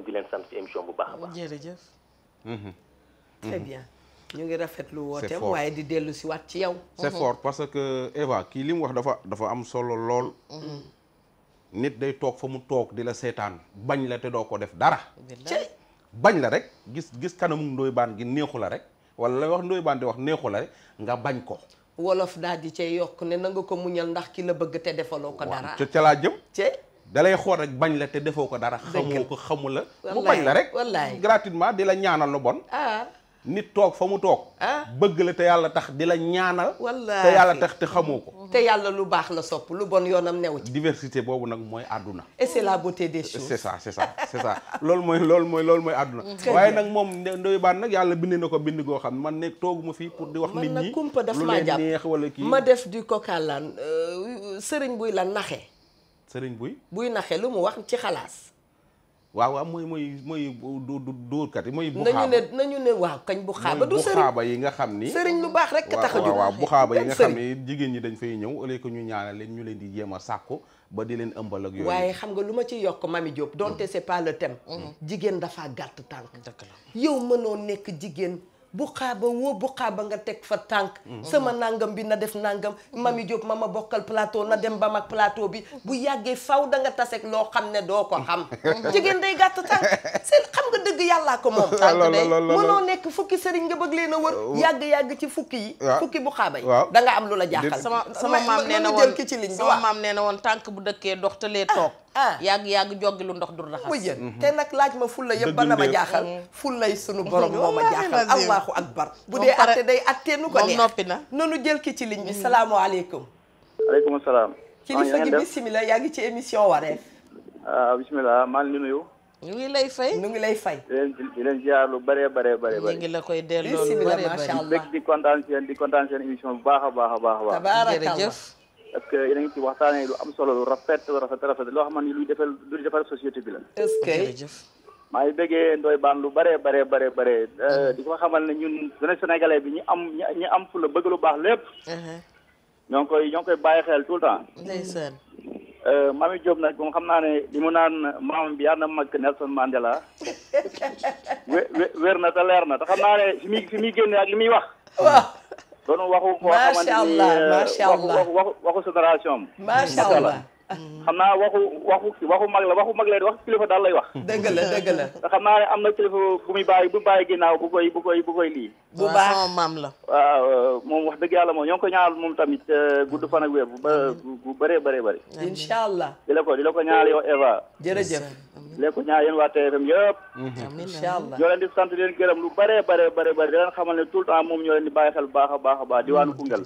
di ci émission a baax. jërëjëf. très bien. dellu si waat ci yow. c'est fort parce que Eva kii li mu wax dafa dafa am solo lool. nit day toog fa mu toog di la seetaan bañ la te doo ko def dara bañ la rek gis gis kanamu ndoy baan gi neexu la rek wala la wax ndoy baan di wax neexu la rek nga bañ ko wolof daal di cee yokk ne na nga ko muñal ndax ki la bëgg te defaloo ko dara ca ca laa jëm dalay xool rek bañ la te defoo ko dara xamoo ko xamu la mu bañ la rek gratuitement di la ñaanal la bon ah. nit toog fa mu toog. Ah. bëgg la te yàlla tax di la ñaanal. wallaahi te yàlla tax te xamoo ko. te yàlla lu baax la sopp lu bon yoonam new ci. diversité boobu nag mooy àdduna. et c'est la beauté des choses. c'est ça loolu mooy loolu mooy loolu mooy àdduna. Mm. waaye nag moom ndoy baan nag yàlla bind na ko bind goo xam man nekk tooguma fii pour di wax. nit ñi lu leen neex wala kii ma def du kokalaan euh, sëriñ buy la naxe. sëriñ buy. buy naxe lu mu wax ci xalaas. waaw waaw mooy mooy mooy dóorkat yi mooy. buxaaba nañu ne ne waaw kañ buxaaba. du sëriñ buxaaba yi nga xam ni. sëriñ lu baax rek ka tax a jóg waaw buxaaba yi nga xam ni jigéen ñi dañ fay ñëw ëllëg ko ñu ñaanal leen ñu leen di jéem a sàkku ba di leen ëmbal ak yooyu. waaye xam nga lu ma ci yokk Mami Diop donte mm. c'est pas le thème. Mm. jigéen dafaa gàtt tànk. yow mënoo nekk jigéen. bu xaaba woo bu xaaba nga teg fa tànk sama nangam bi na def nangam mami jóg ma ma bokkal plateau na dem ba mag plateau bi bu yàggee faw danga nga loo xam ne doo ko xam [LAUGHS] jigéen day gàtt tànk seen xam nga dëgg yàllaa ko moom tànk [LAUGHS] day mënoo nekk fukki sëriñ nga bëgg leen a wër yàgg-yàgg ci fukki yi fukki bu xaaba yi da nga am lu la sama sama maam nee na woon ci liñ sama maam nee na woon tànk bu dëkkee ndox te lee ah, toog ah yàgg-yàgg joggi lu ndox du raxas te nag laaj ma fulla yëpp ba na ma jaaxal mm. fullay sunu borom [LAUGHS] moo ma jaaxal allahu akbar bu dee atte day attee nu ko neex na nanu jël ki ci ligne bi salaamaaleykum aleykum salaam kilifa gi bisimilah yaa ngi ci émission wareef ah bisimilah maa ngi nuyu ñu ngi lay fay ñu ngi lay fay di leen ziar lu bëree bëree bëree ñu ngi la koy delloo lu bëree bëri bëgg di kontaan seen i kontaan seen émission bu baax a a baax a baax a ngi ci waxtaanee lu am solo lu rafet rafet rafet loo xam ne luy defal luy defal société bi la est-ce que maa ngi bëggee Ndoye Bane lu bare bare bare bare euh, mm-hmm. di ko xamal ne ñun dina sénégalais bi ñu am ñu am fu la bëgg lu baax lépp mm-hmm. ñoo koy ñoo koy bàyyi xel tout le temps ndeysaan euh, Mamy Diop nag moom xam naa ne li mu naan maam bi yàlla na mag Nelson Mandela [LAUGHS] wé wér na te leer na te xam naa ne fi muy fi muy génne ak li muy wax waaw doonu waxu koo xamante ni euh, waxu waxu waxu génération am macha Mm-hmm. xam naa waxu waxu waxu mag la waxu mag lay wax kilifa daal lay wax. [LAUGHS] dëgg la dëgg la. xam naa ne am na kilifa bu muy bàyyi bu bàyyi ginnaaw bu koy bu koy bu koy lii. bu baax sama maam la. waaw euh, moom wax dëgg yàlla moom ñoo ngi ko ñaanal moom tamit euh, gudd fan ak wér bu ba bu bëree bëree bëri. incha allah. di la ko di la ko ñaanal yow Eva. jërëjëf. di la ko ñaanal yéen waa TFM yëpp. Mm-hmm. incha allah ñoo leen di sant leen gërëm lu bëree bëree bëri di leen xamal ne tout le temps moom ñoo leen di bàyyi xel baax a baax a baax diwaanu mm. Koungheul.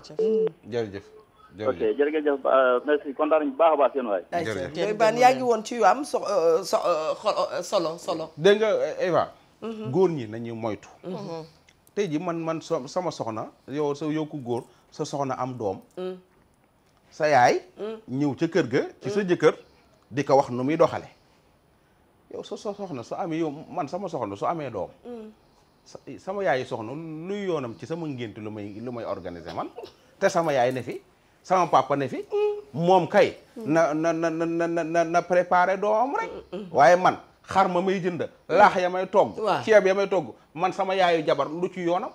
jërëjëf mm. ok jërëjëf euh, merci kontaan nañu baax a baax seen waay. jërëjëf Ndoye Bane yaa ngi woon ci yu am so euh, so euh, solo solo. dégg nga Eva. Mhm. ñi nañu moytu. Mhm. tey ji man man sama soxna yow sa yow góor sa soxna am doom. Mhm. sa yaay. ñëw ca kër ga. ci sa jëkkër di ko wax nu muy doxale yow sa soxna su amee man sama soxna su amee doom. sama yaay soxna luy yoonam ci sama ngénte lu may lu may organiser man te sama yaay ne fi. sama papa ne fi moom kay na na na na na doom rek waaye man xar ma may jënd laax ya may togg ceeb ya may togg man sama yaayu jabar du ci yoonam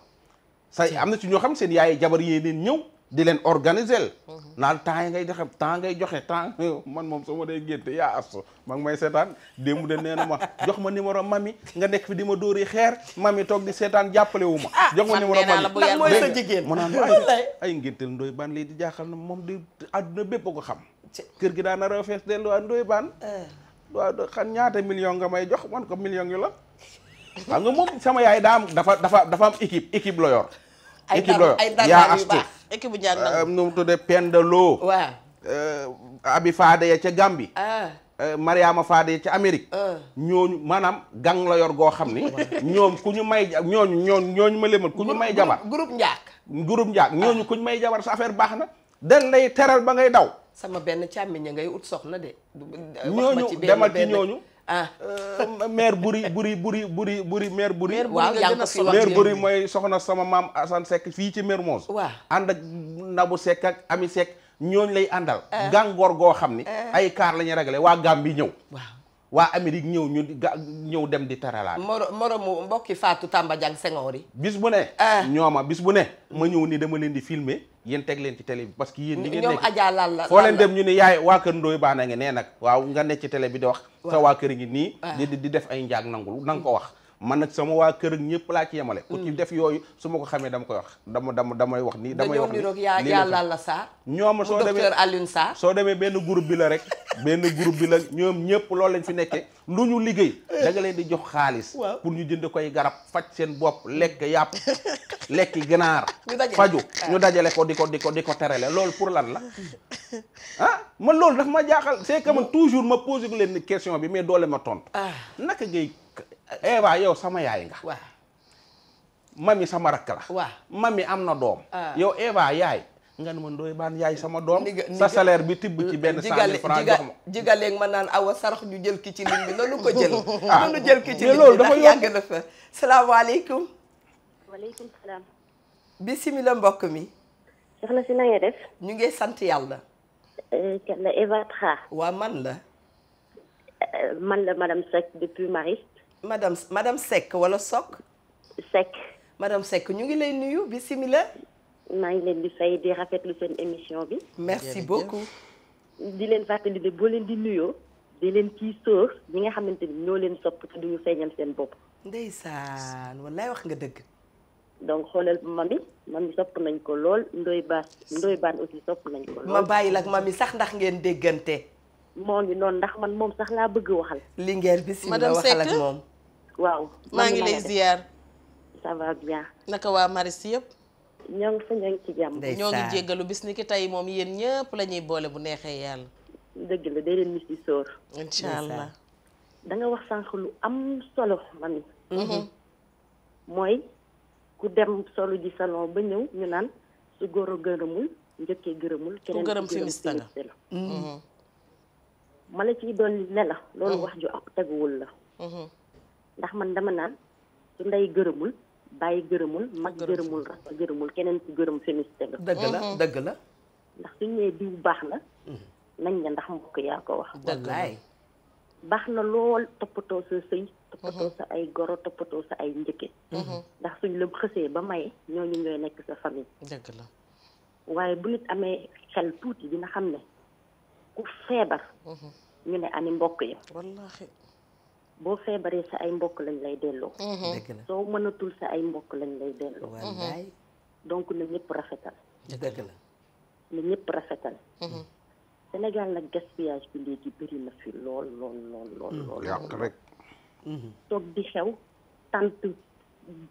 say am na ci ñoo xam seen yaay jabar yéeneen ñëw di leen organiser mhm. naa temps yi ngay joxe temps ngay joxe temps [LAUGHS] man moom soo ma dee génte yaa asso ma ngi may seetaan démb de nee na ma [LAUGHS] jox ma numéro mami nga nekk fi di ma dóori xeer mami toog di seetaan jàppale wu ma ah, jox ma numéro mami mooy sa jigéen mu naan ay ay ngéntal ndoy baan lii di jaaxal na moom di àdduna bépp ko xam kër gi daana rew fees dellu waa ndoy baan ah. waaw xam ñaata million nga may jox man ko million yu la xam nga moom sama yaay daa am dafa dafa dafa am équipe équipe la yor équipe la yor équipe bu jaar euh, nangu nu mu tuddee Penda Lo. waaw. Euh, Abi Fade ya ca Gambie. Ah. Euh, Mariama Fade ci Amérique. Ah. ñooñu maanaam gang la yor goo xam ni. ñoom ku ñu may ja ñooñu ñooñu ñooñu ma lemal ku ñu may jabar. groupe njaak. groupe njaak ah. ñooñu ku ñu may jabar sa affaire baax na. dañ lay teral ba ngay daw. sama benn càmmiñ ngay ut soxna de. ñooñu demal ci ñooñu. ah maire buri buri buri buri buri maire buri waaw yaa ngi ko fi wax buri mooy soxna sama maam Assane sekk fii ci Mermoz waaw ànd ak bu Seck ak Ami Seck ñooñ lay àndal euh. gàngoor goo xam ni euh. ay kaar la ñuy régler waa bi ñëw waa Amérique ñëw ñu ga ñëw dem di teralaat moro moromu mbokki Fatou Tamba Diagne Senghor yi bis bu ne ah. ñooma bis bu ne ma ñëw nii dama leen di filmer yéen teg leen ci télé bi parce que yéen li ngeen nekk ñoom Adja laal la foo leen dem ñu ne yaay waa kër Ndoye Bane a ngi nee nag waaw nga nekk ci tele bi di wax sa waa kër ngi nii ah. di def ay njaag nangul na ko wax man nag sama waa kër ak ñëpp laa ci yemale pour ci hmm. def yooyu su ma ko xamee dama koy wax dama dama damay wax nii damay wax nii yàlla la Sarr ñoom soo demee docteur Alioune Sarr soo demee benn groupe bi la rek [LAUGHS] benn groupe bi la ñoom ñëpp loolu lañ fi nekkee lu ñu liggéey da leen di jox xaalis pour ñu jënd koy garab faj seen bopp lekk yàpp [LAUGHS] lekki ganaar faju ah. ñu dajale ko di ko di ko di ko terale lool pour lan la [LAUGHS] ah man loolu daf ma jaaxal c'est que toujours ma posé leen question bi mais doole ma tontu ah. naka ngay eh yow sama yaay nga. mami sama rakk la. waaw mami am na doom. Ah. yow Eva eh, yaay. nga ne ma Ndoye Bane yaay sama doom. sa salaire bi tibb ci benn. cent mille francs jox ma naan awa sarax ñu jël ki ci ligne bi noonu ko jël. [LAUGHS] ah noonu jël ki ci ligne bi ndax yàgg na fa. salaamaaleykum. waaleykum salaam. bisimila mbokk mi. soxna ñu ngi sant yàlla. Eh, la Eva Tra. waaw man la. Eh, man la madame Seck depuis Marie. madam madam sekk wala Sock. Seck. madame sekk ñu ngi lay nuyu bisimilah. maa ngi leen di fay di rafetlu seen émission bi. merci beaucoup. di leen fàttali ne boo leen di nuyoo. di leen ciy sóor ñi nga xamante ni ñoo leen sopp te duñu feeñal seen bopp. ndey ndeysaan wallaay wax nga dëgg. donc xoolal mami mami sopp nañ ko lool ndoy baas ndoy baan aussi sopp nañ ko lool. ma bàyyi la ak mami sax ndax ngeen déggante. moo ngi noonu ndax man moom sax laa bëgg waxal. lingeer bi si la waxal ak moom. waaw maa ngi lay ziar. ça va naka waa Maris yëpp. ñoo ngi fa ñoo ngi ci jéggalu bis ni ki tey moom yéen ñëpp la ñuy boole bu neexee yàlla. dëgg la day leen mis di sóor. incha allah da nga wax sànq lu am solo mami. Mhm. mooy ku dem solo ji salon ba ñëw ñu naan su góor a gërëmul njëkkee gërëmul. ku gërëm fimiste la mhm. ma la ciy doon ne la. loolu mhm. wax ju am teguwul la. ndax man dama naan su ndey gërëmul bàyyi gërëmul mag gërëmul rakk gërëmul keneen ku gërëm féministe nga dëgg la mm-hmm. dëgg la ndax suñu nee diw baax na mm-hmm. nañ nga ndax mbokk yaa ko wax wallaay baax na lool toppatoo sa sëy toppatoo mm-hmm. sa ay goro toppatoo sa ay njëkke ndax suñ la xësee ba maye ñooñu ñooy nekk sa famille dëgg la waaye bu nit amee xel tuuti dina xam ne ku feebar ñu ne ani mbokk ya wallaahi boo feebaree sa ay mbokk lañ lay delloo. Mhm. soo mënatul sa ay mbokk lañ lay delloo. wallaay mhm. donc na ñëpp rafetal. dëgg la na ñëpp rafetal. Mhm. Sénégal nag gaspillage bi léegi bëri na fi lool lool lool lool lool. yàq rek. toog di xew tant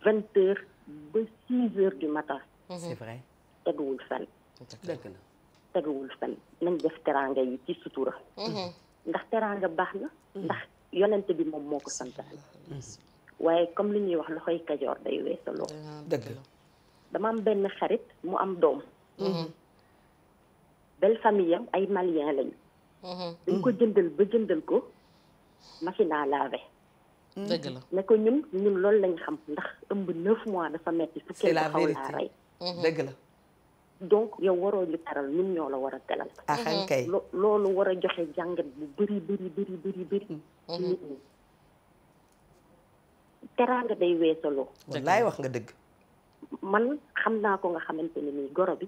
vingt heures ba six heures du matin. c'est vrai teguwul fenn. dëgg la teguwul fenn nañ def teraanga yi ci sutura. ndax teraanga baax na ndax. yonent bi moom moo ko santaane waaye comme li ñuy wax loxoy kajoor day weesaloo dëgg la dama am benn xarit mu am doom mm-hmm. belle famille am ay malien lañu mm-hmm. dañ ko jëndal ba jëndal ko machine à laver mm-hmm. dëgg la ne ko ñun ñun loolu lañ xam ndax ëmb neuf mois dafa metti su kenn xaw laa rey dëgg la donc yow waroo ñu teral ñun ñoo la war a teral. axan ah, mhm. kay loolu war a joxe jàngat bu bëri bëri bëri bëri bëri. Mhm. ci nit ñi teraanga day weesaloo. wallaay wax nga dëgg. man xam naa ko nga xamante ne nii goro bi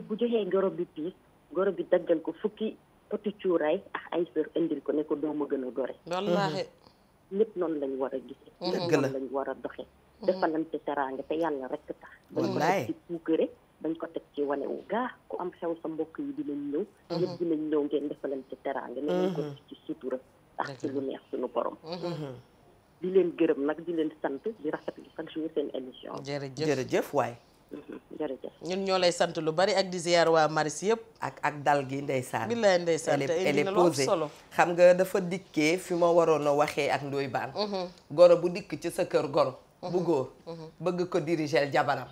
bu joxee goro bi piis goro bi daggal ko fukki poti cuuraay ak ay sër indil ko ne ko doo ma gën a gore. wallaahi. Mhm. lépp noonu lañ war a gisee. dëgg la lañ war a doxee. defalante teraanga te yàlla rek tax. wallaay dañ ko def ci dañ ko teg ci wane wu gaa ku am xew sa mbokk yi dinañ ñëw mhm. ñëpp dinañ ñëw ngeen defalante ne nañ ko mhm. ci sutura ak ci lu neex suñu borom mhm. di leen gërëm nag di leen sant di rafetlu chaque jour seen émission jërëjëf jërëjëf ñun ñoo lay sant lu bari ak di waa Maris yëpp ak ak dal gi ndeysaan billaay ndeysaan elle est posée xam nga dafa dikkee fi ma waroon waxee ak ndoy baan goro bu dikk ci sa kër goro bu góor bëgg ko dirigel jabaram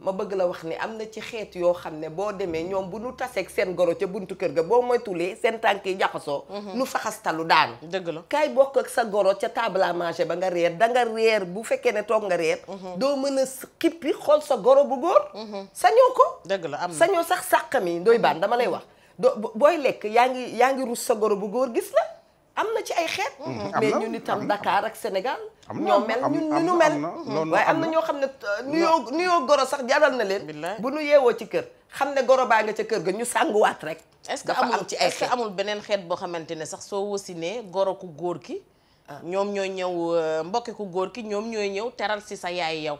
ma bëgg la wax ni am na ci xeet yoo xam ne boo demee ñoom bu nu taseeg seen goro ca buntu kër ga boo moytulee seen tànk yi jaxasoo nu mhm. faxastalu daanu dëgg la kaay bokk ak sa goro ca table à ba nga reer da nga reer bu fekkee ne toog nga reer mhm. doo mën a xippi xool sa goro bu góor mhm. sañoo ko dëgg la am sañoo sax sàqam yi ndoy baan dama lay wax do booy lekk yaa ngi yaa ngi rus sa goro bu góor gis la am na ci ay xeet. ñu mm-hmm. ñun itam Dakar ak Sénégal. ñoo mel ñun ñu nu mel. Mm-hmm. waaye am na ñoo xam ne euh, nuyoo nuyoo goro sax jaral na leen. bu nu yeewoo ci kër xam ne goro baa nga ca kër ga ñu sànguwaat rek. dafa am ci ay xeet amul beneen xeet boo xamante ne sax soo wasinee goro ku góor ki. Ah. ñoom ñooy ñëw euh, mbokki ku góor ki ñoom ñooy ñëw teral si sa yaay yow.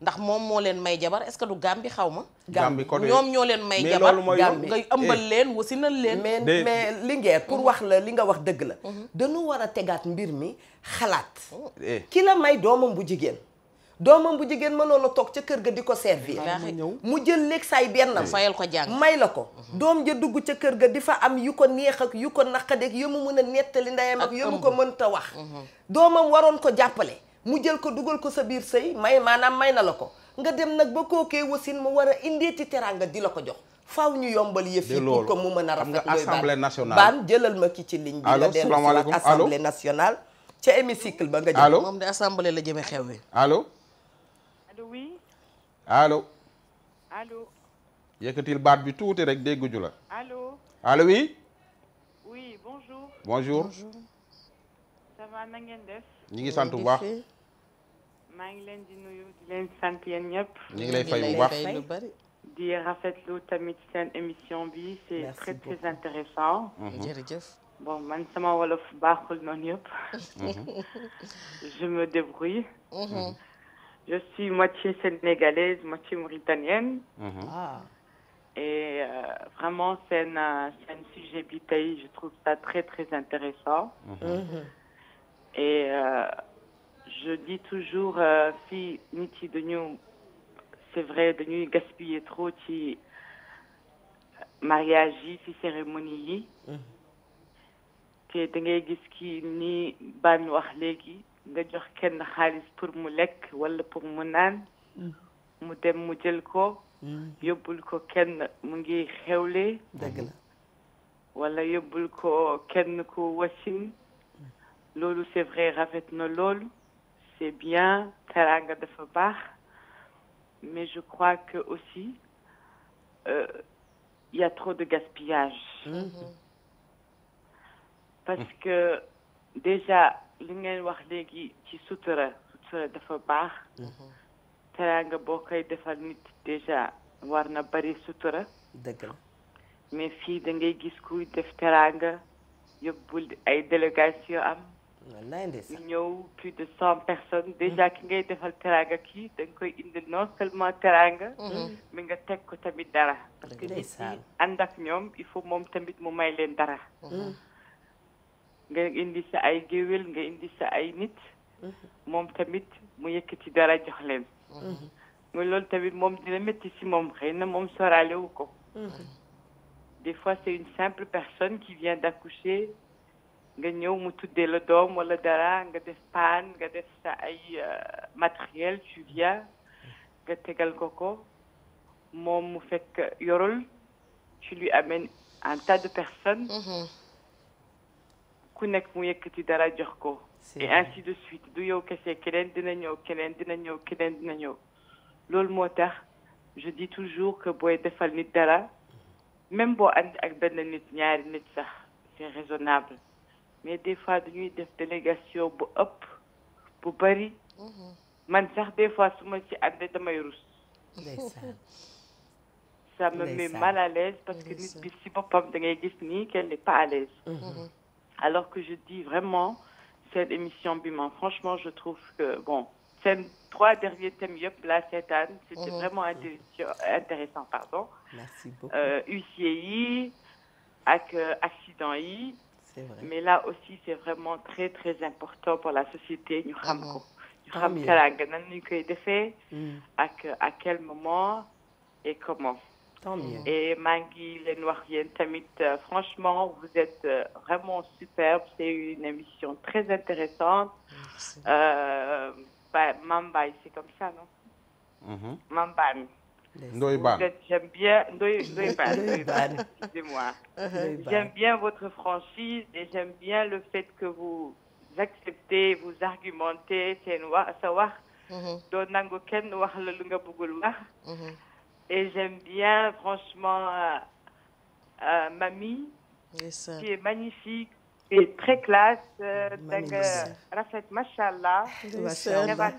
ndax moom moo leen may jabar est-ce que du Gàmbi xaw ma. Gàmbi kon ñoom ñoo leen may. jabar Gàmbi ngay ëmbal eh. leen wasinal leen. mais mais Linguère pour wax la li nga wax dëgg la. Mhm. dañu war a tegaat mbir mi xalaat. Eh. ki la may doomam bu jigéen. doomam bu jigéen mënoon a toog ca kër ga di ko servir mu jël léeg saay bennam eh. fayal ko jàng may la ko mhm. doom ja dugg ca kër ga di fa am yu ko neex ak yu ko naqadeeg yu mu mën a nettali ndeyam ak yu mu ko mënta wax mhm. doomam waroon ko jàppale mu jël ko dugal ko sa biir sëy may maanaam may na la ko nga dem nag ba kookee wasin mu war a indeeti teraanga di la ko jox faaw ñu yombal yëf yi pour que mu mën a rafet assemblée nationale baan jëlal ma ki ci ligne bi la dellu si assemblée nationale ca hémicycle ba nga jël moom de assemblée la jëme xew wi allo allo oui allo allo yëkkatil baat bi tuuti rek dégguñu la allo allo oui oui bonjour bonjour ça va na ngeen def ñu ngi sant bu baax maa ngi leen di nuyu di leen sant yéen ñëpp. ñu ngi tamit seen émission bi c' très intéressant mhm. jërëjëf bon man sama wolof baaxul noonu yëpp. Mhm. [LAUGHS] je me débrouille. Mhm. je suis moitié sénégalaise moitié mauritanienne. Ah. et euh, vraiment seen sujet bi tey je trouve ça très intéressant. et. Euh, je dis toujours, fii nit yi dañu c'est vrai dañuy gaspiller trop ci mariage yi ci cérémonie yi. Mm. te da ngay gis kii ni ban wax léegi nga jox kenn xaalis pour mu lekk walla pour mu naan. Mm. mu dem mu jël ko. Mm. yóbbul kenn mu ngi xewle. wala la. walla yóbbul ko kenn ku wasin. loolu c'est vrai rafet na loolu. c'est bien Teranga de Fabach, mais je crois que aussi euh, il euh, y a trop de gaspillage. Mm -hmm. Parce que déjà li ngeen wax léegi ci sutura sutura dafa baax. Mm-hmm. Teranga boo koy defal nit déjà war na bari sutura. dëgg la mais fii da ngay gis kuy def teranga yóbbul ay délégation am. wallaay ndeysaan ñëw plus de cent personnes déjà hmm. ki ngay defal teranga kii da nga koy indi non seulement teranga mi hmm. hmm, nga teg ko tamit dara parce que nit ñi ànd ak ñoom il faut moom tamit mu may leen dara nga indi sa ay géwél nga indi sa ay nit moom tamit mu yëkkati dara jox leen nga loolu tamit moom dina métti si moom xëy na moom soraale wu ko des fois c'est une simple personne qui vient d'accoucher nga ñëw mu tuddee la doom wala dara nga def paan nga def sa ay euh, matériel tu viens nga tegal ko ko moom mu fekk yorul tu lui amènes un tas de personnes mm-hmm. ku nekk mu yëkkati dara jox ko et ainsi de suite du yow kese keneen dina ñëw keneen dina ñëw keneen dina ñëw loolu moo tax je dis toujours que booy defal ni dara même boo ànd ak benn nit ñaari nit sax c'est raisonnable mais des fois dañuy def délégation bu ëpp bu bari mhm. man sax des fois su ma ci àndee damay rus ça me met mal à l'aise parce que nit bi si boppam da ngay gis nii qu'elle n'est pas à l'aise mhm. Mhm. alors que je dis vraiment cette émission bi man franchement je trouve que bon seen trois derniers thèmes yëpp la seetaan c'était vraiment intéressant pardon merci euh, beaucoup huissier yi ak euh, accident yi vrai. mais là aussi c'est vraiment très très important pour la société ñu xam ko ñu xam teraanga nan ñu koy defee ak à quel moment et comment tant mieux et maa ngi leen wax yéen tamit euh, franchement vous êtes euh, vraiment superbe c'est une émission très intéressante Merci. Euh, bah, Mame Baye c'est comme ça non mm-hmm. Mame Baye Ndoye Bane j'aime bien Ndoye Ndoye votre franchise et j'aime bien le fait que vous acceptez vous argumentez seen wax sa wax doo nangu kenn wax la lu nga bëggul wax mm-hmm. et j'aime bien franchement euh, euh, qui est magnifique et très classe da euh, nga euh, rafet macha allah. macha allah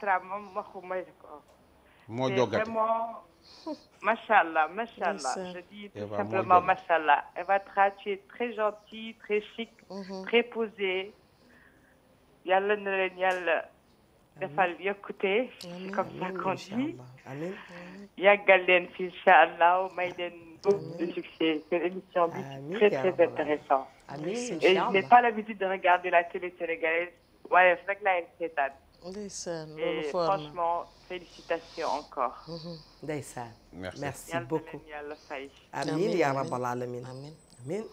Machallah, machallah. Je dis tout Eva, simplement machallah. Eva Tra, tu es très gentille, très chic, mm-hmm. très posée. Yalla na leen yàlla defal yokkute. C'est comme ça qu'on dit. Yàggal leen fi inchallah may leen beaucoup succès. C'est émission bi très très intéressante. Et je n'ai pas l'habitude de regarder la télé sénégalaise. waaye rek laay seetaan. Et franchement félicitations encore. ndeysaan. merci merci beaucoup yàlla fay. amiin yaa ma aalamiin amiin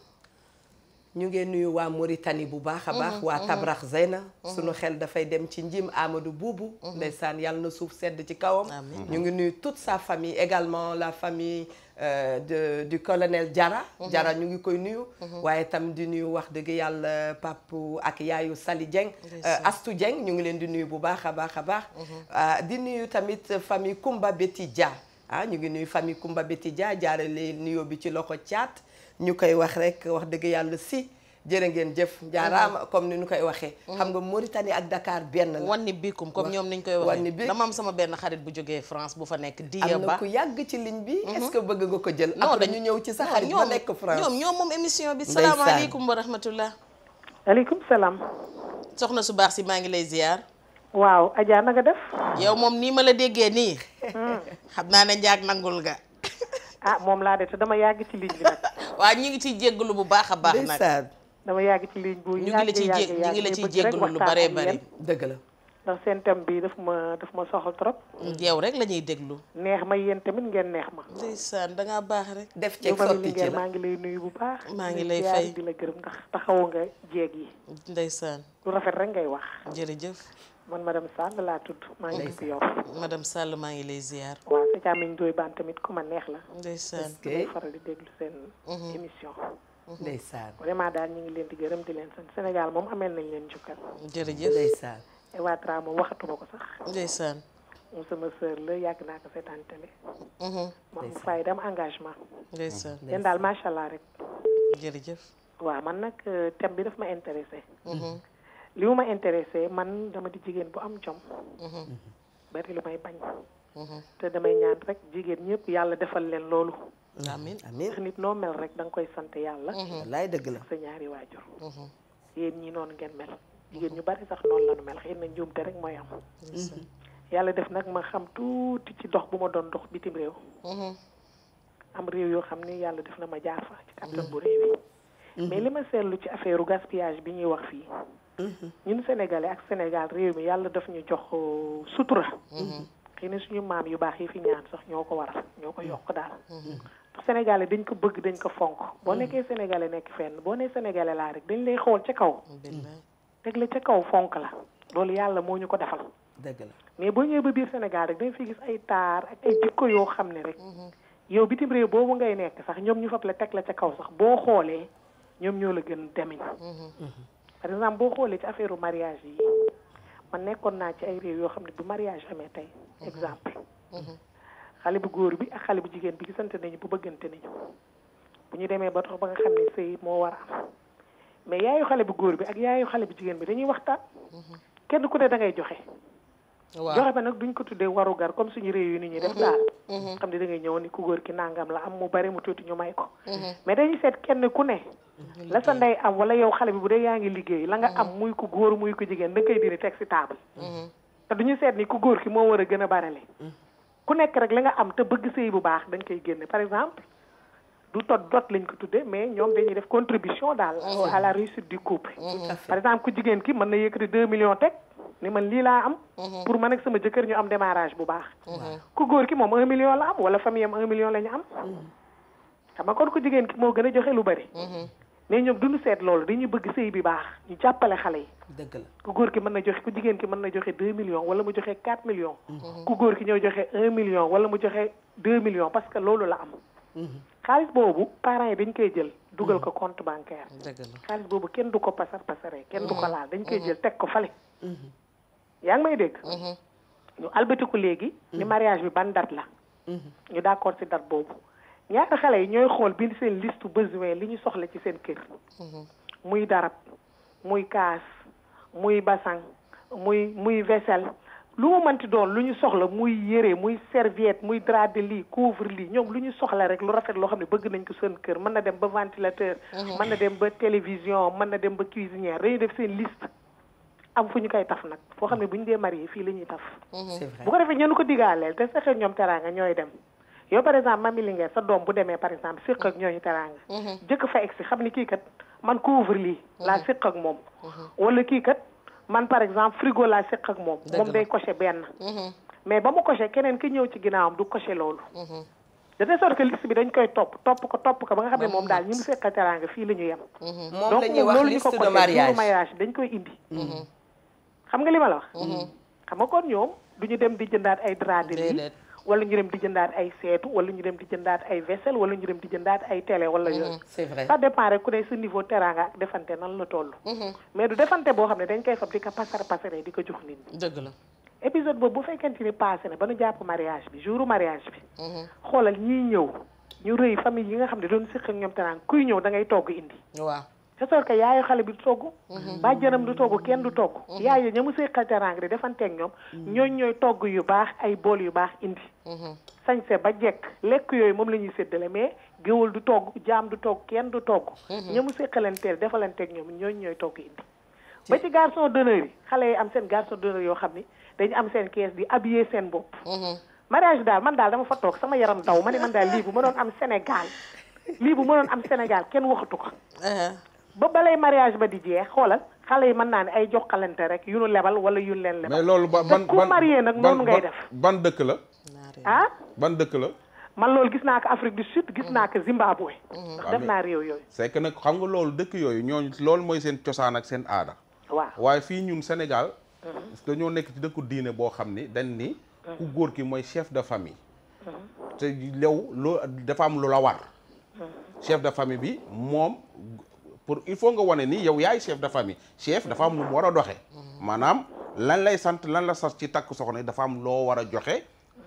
ñu ngeen nuyu waa Mauritanie bu baax a baax. waa Tabrax Zeyna. sunu xel dafay dem ci njim Amadou Boubou. saan yàlla na suuf sedd ci kawam. ñu ngi nuyu toute sa famille également la famille. Euh, de du colonel jara mhm. jara ñu ngi koy nuyu. Mhm. waaye tam di nuyu wax dëgg yàlla papu ak yaayu Sali Dieng. Euh, Astou Dieng ñu ngi leen di nuyu bu baax a baax a baax. Mhm. Euh, di nuyu tamit famille Kumba Betty Dia ah ñu ngi nuyu famille Kumba jaa Dia jaarale nuyoo bi ci loxo caat ñu koy wax rek wax dëgg yàlla si. jërë ngeen jëf mhm. njaaraama comme ni nu koy waxee mhm. xam nga Mauritanie ak Dakar benn la wanni biikum comme ñoom nañ koy waxee dama am sama benn xarit bu jógee France bu fa nekk diya ba yàgg ci ligne bi mhm. est-ce que bëgg nga ko jël non dañu ñëw ci sa xarit ba nekk France ñoom ñoom moom émission bi salaamaaleykum wa rahmatullah aleykum salaam soxna su baax si maa ngi lay ziar waaw ajaar na nga def yow moom nii ma la déggee nii [LAUGHS] hmm. xam naa ne njaag nangul nga ah moom laa de te dama yàgg ci ligne bi nag [LAUGHS] waaw ñu ngi ciy jéggalu bu baax a baax nag dama yàgg ci ligne bu ñu ngi la ciy jé ñu ngi la ciy jéggalu lu bare bare dëgg la ndax seen thème bi daf ma daf ma soxal trop mm, yow rek la ñuy déglu neex ma yéen tamit ngeen neex ma ndeysaan da ngaa baax rek def ceeg sotti maa ngi lay nuyu bu baax maa ngi lay fay di la gërëm ndax taxawu nga jeeg yi ndeysaan lu rafet rek ngay wax jërëjëf man madame Sall laa tudd maa ngi tudd yow dem Sall maa ngi lay ziar waaw sa càmmiñ dooy baan tamit ku ma neex la ndeysaan faral di déglu seen mm-hmm. émission Mhm. ndeysaan vraiment daal ñu ngi leen di gërëm di leen sant Sénégal moom ameel nañ leen njukkal. jërëjëf ndeysaan. Ewa Tra moom waxatuma ko sax. ndeysaan. sa sama sœur la yàgg naa ko seetaan télé. Mhm. ndeysaan moom engagement. ndeysaan daal macha allah rek. jërëjëf. waaw man nag euh, thème bi daf ma intéressé. Mhm. li mu ma intéressé man dama di jigéen bu am jom. bari lu may bañ. te damay ñaan rek jigéen ñëpp yàlla defal leen loolu. amiin amiin ndax nit noo mel rek da nga koy sant yàlla. Mhm. wallaay dëgg la sa ñaari waajur. Mhm. yéen ñi noonu ngeen mel. jigéen ñu bari sax noonu la nu mel xëy na njuumte rek mooy am. Mhm. yàlla def nag ma xam tuuti ci dox bu ma doon dox bitim réew. am réew yoo xam ni yàlla def na ma jaar fa ci kàttan bu réew yi. mais li ma seetlu ci affaire gaspillage bi ñuy wax fii. ñun sénégalais ak Sénégal réew mi yàlla daf ñu jox euh, sutura. xëy na suñu maam yu baax yi fi ñaan sax ñoo ko waral ñoo ko yokk daal. sénégalais dañ ko bëgg dañ ko fonk boo mm. nekkee sénégalais nekk fenn boo nee sénégalais laa rek dañ lay xool ca kaw mm. teg la ca kaw fonk la loolu yàlla moo ñu ko defal dëgg la mais boo ñëwee ba biir Sénégal rek dañ fi gis ay taar ak ay jikko yoo xam ne rek mm-hmm. yow bitim réew boobu ngay nekk sax ñoom ñu fab la teg la ca kaw sax boo xoolee ñoom ñoo la gën demeñ mm-hmm. par exemple boo xoolee ci affaire mariage yi man nekkoon naa ci ay réew yoo xam ne bu mariage amee tey mm-hmm. exemple xale bu góor bi ak xale bu jigéen bi gisante nañu bu bëggante nañu bu ñu demee ba tax ba nga xam ne sëy moo war a am mais yaayu xale bu góor bi ak yaayu xale bu jigéen bi dañuy waxtaan mhm. kenn ku ne da ngay joxe waaw joxe ba nag duñ ko tuddee warugar comme suñu réew yi ni ñuy def daal mhm. Mhm. xam ne da ngay ñëw ni ku góor ki nangam la am mu bari mu tuuti ñu may ko mais dañuy seet kenn ku ne la sa ndey am wala yow xale bi bu dee yaa ngi liggéey la nga am muy ku góor muy ku jigéen da koy diri teg si table te duñu seet ni ku góor ki moo war a gën a barale ku nekk rek li nga am te bëgg sëy bu baax da nga koy génne par exemple du tot dot lañ ko tuddee mais ñoom dañuy def contribution daal mm. à la réussite du couple mm. par exemple ku jigéen ki mën na yëkkati deux millions teg ni man lii laa am mm-hmm. pour man ak sama jëkkër ñu am démarrage bu baax mm-hmm. ku góor ki moom un million la am wala famille am un million la ñu am mm. xam nga kon ku jigéen ki moo gën a joxe lu bari mais mm-hmm. ñoom duñu seet loolu dañuy bëgg sëy bi baax ñu jàppale xale yi dëgg la ku góor ki mën na joxe ku jigéen mën na joxe deux millions wala mu joxe quatre millions mhm. ku góor ki ñëw joxe un million wala mu joxe deux millions parce que loolu la am mhm. xaalis boobu parents yi dañ koy jël dugal mhm. ko compte bancaire xaalis boobu kenn du ko pasar pasaree kenn du ko laal dañ koy jël teg ko fale yaa ngi may dégg ñu albatiku léegi ni mariage bi ban date la ñu d'accord ci date boobu ñaari xale yi ñooy xool bi seen liste besoin li ñu soxla ci seen kër muy darab muy basang muy muy vaisselle lu mu mënti doon lu ñu soxla muy yére muy serviette muy drap de lit couvre lit ñoom lu ñu soxla rek lu rafet loo xam ne bëgg nañ ko seen kër mën na dem ba ventilateur man mhm. na dem ba télévision mën na dem ba cuisinière dañuy def seen liste am fu ñu koy taf nag foo xam ne bu ñu dee marié fii la ñuy taf mhm. bu ko defee ñeenu ko digaaleel te saxee ñoom teraanga ñooy dem yow par exemple mami li sa doom bu demee par exemple séq ak ñooñu teraanga mhm. jëkk fa egsi xam ni kii kat man couvre lii mhm. laa séq ak moom mhm. wala kii kat man par exemple frigo laa séq ak moom moom day coché benn mais ba mu coché keneen ki ñëw ci ginnaawam du coché loolu de telle dañ koy topp topp ko topp ko ba nga xam ne moom daal ñu teraanga fii la ñu yem moom loolu ñu ko ko mariage dañ koy indi xam nga li la wax xam nga kon ñoom du ñu dem di jëndaat ay drap wala ñu di jëndaat ay seetu wala ñu dem di jëndaat ay vaisselle wala ñu dem di jëndaat ay télé wala yooyu mm-hmm, c'est vrai ça dépend rek ku ne sa niveau teranga ak defante nan la toll mm-hmm. mais du defante boo xam ne dañ koy fab di ko pasar pasare di ko jox nit ñi dëgg la épisode boobu bu fekkente ni passé na ba nu jàpp mariage bi jouru mariage bi mm-hmm. xoolal ñiy ñëw ñu rëy famille yi nga xam ne doon séq ak ñoom teranga kuy ñëw da ngay togg indi waaw te soor yaay yaayu xale bi du togg mhm. bàjjanam du togg kenn du togg mhm. yaayu ñamu seqal teraanga di defanteeg ñoom mhm. ñooñ ñooy togg yu baax ay bool yu baax indi sañse ba jekk lekk yooyu moom la ñuy séddale mais géwal du togg jaam du togg kenn du togg ñamu seqalanteel defalanteeg ñoom ñooñ ñooy togg indi ba ci garçon d'honneur yi xale yi am seen garçon d'honneur yoo xam ni dañu am seen kees di habillé seen bopp mariage daal man daal dama fa toog sama yaram daw ma ne man daal lii bu ma doon am Sénégal lii bu ma am Sénégal kenn waxatu ko uh-huh. ba balay mariage ba di jeex xoolal xale yi mën naa ne ay joxalante rek yu nu lebal wala yu nu leen lebal. mais loolu ba ban ku marié nag noonu ngay def. ban dëkk la. ah ban dëkk la. man loolu gis naa ko Afrique du Sud gis naa ko Zimbabwe. Mm. Ah, ndax def naa réew yooyu. c'est nag xam nga loolu dëkk yooyu ñooñu loolu mooy seen cosaan ak seen aada. waaw waaye fii ñun Sénégal. Mm-hmm. dañoo nekk ci dëkku diine boo xam ni dañ nii ku mm-hmm. góor ki mooy chef de famille. Mm-hmm. te yow loo dafa am lu la war. chef de famille bi moom pour il faut nga wane nii yow yaay chef de famille chef dafa am lu mu war a doxee maanaam lan lay sant lan la sas ci takk soxna dafa am loo war a joxe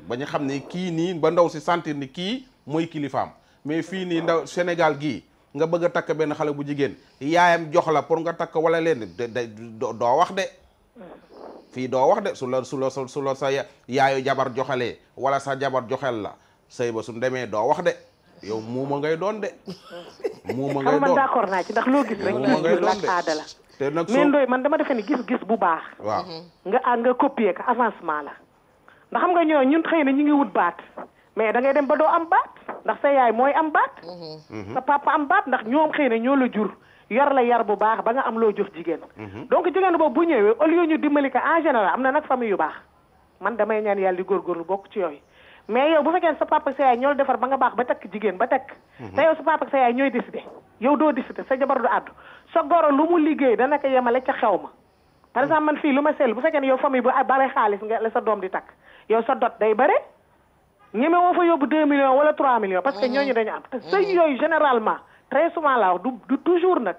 ba ñu xam ne kii nii ba ndaw si sentir ni kii mooy kilifaam mais fii nii ndaw Sénégal gii nga bëgg a takk benn xale bu jigéen yaayam jox la pour nga takk wala leen de doo wax de fii doo wax de su la su la su la sa yaayu jabar joxalee wala sa jabar joxel la sëy ba su demee doo wax de yow muuma ngay doon de. muuma ngay doon xam man d'accord naa ci ndax loo gis rek. muuma ngay doon la. te nag soo mais man dama defe ni gis-gis bu baax. waaw nga ah, nga copier ko avancement la. ndax xam nga ñoo ñun xëy na ñu ngi wut baat mais da dem ba doo am baat ndax sa yaay mooy am baat. Mm-hmm. sa papa am baat ndax ñoom xëy na ñoo la jur. yor la yar bu baax ba nga am loo jox jigéen. Mm-hmm. donc jigéen boobu bu ñëwee au lieu ñu dimbali ko en général am na nag famille yu baax man damay ñaan yàlla góor góorgóorlu bokk ci yooyu. mais yow bu fekkee sa papa ak sa yaay ñoo defar ba nga baax ba takk jigéen ba takk mhm. te yow sa papa sa yaay ñooy décidé yow doo décidé sa jabar du àddu sa goro lu mu liggéey dana ko yemale ca xew ma par exemple man fii lu ma sell bu fekkee ne yow famille bu bare xaalis nga la sa doom di takk yow sa dot day bare ñeme woo fa yóbbu 2 millions wala 3 millions parce que ñooñu dañu am te sëy yooyu généralement très souvent du du toujours nag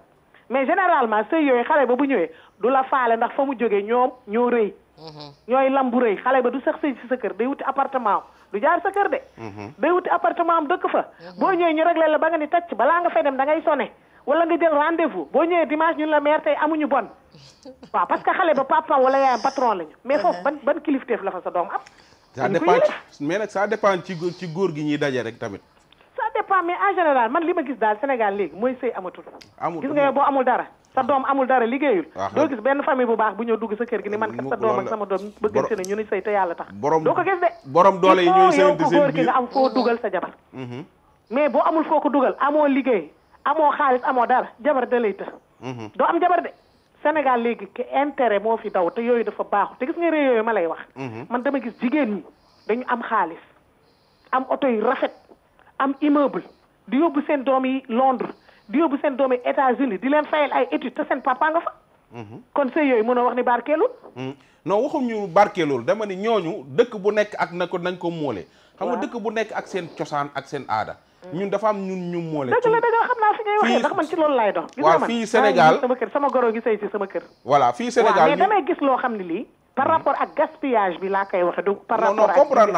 mais généralement sëy yooyu xale ba bu ñëwee du la faale ndax fa mu jógee ñoom ñoo rëy mhm. ñooy lam bu xale ba du sax sëy ci sa kër day wuti appartement du jaar sa kër de. day mhm. wuti appartement am dëkk fa. boo ñëwee ñu réglé la ba nga ni tàcc balaa nga fay dem da ngay sonné wala nga jël rendez boo ñëwee dimanche ñun la maire tey amuñu bon. [LAUGHS] waaw parce que xale ba papa wala yaayam patron lañu. mais foofu ban kilifteef la fa sa doom am. ça dépend ci ci góor gi ñuy daje rek tamit. ça dépend mais en général man li ma gis daal Sénégal léegi mooy sëy amatul. gis nga boo amul dara. sa doom amul dara liggéeyul ah, doo gis benn famille bu baax bu ñëw dugg sa kër gi ni man kat sa doom ak sama doom bëggante ñu ni sëy te yàlla tax doo ko gis de borom doole yi ñooy seen sa jabar mhm. mais boo amul foo ko dugal amoo liggéey amoo xaalis amoo dara jabar da lay tëx mhm. doo am jabar de Sénégal léegi ke intérêt fi daw te yooyu dafa baaxu te gis nga réew yooyu ma lay wax mhm. man dama gis jigéen ñi dañu am xaalis am oto yu rafet am immeuble di yóbbu seen doom yi Londres di yóbbu seen doomi États-Unis di leen fayal ay études te seen papa nga fa. Mhm. kon sëy yooyu a wax ni barkeelul. Mhm. non ñu barkeelul dama ni ñooñu dëkk bu nekk ak na ko nañ ko moole. xam nga dëkk bu nekk ak seen cosaan ak seen aada. Mm. ñun dafa am ñun ñu moole. dëgg la dëgg xam naa fi ngay waxee ndax man ci loolu laay dox. gis nga man waaw fii Sénégal sama kër sama goro gi sëy si sama kër. voilà fii Sénégal mais damay gis loo xam ne lii. par rapport ak gaspillage bi laa koy waxee. donc par rapport ak comprendre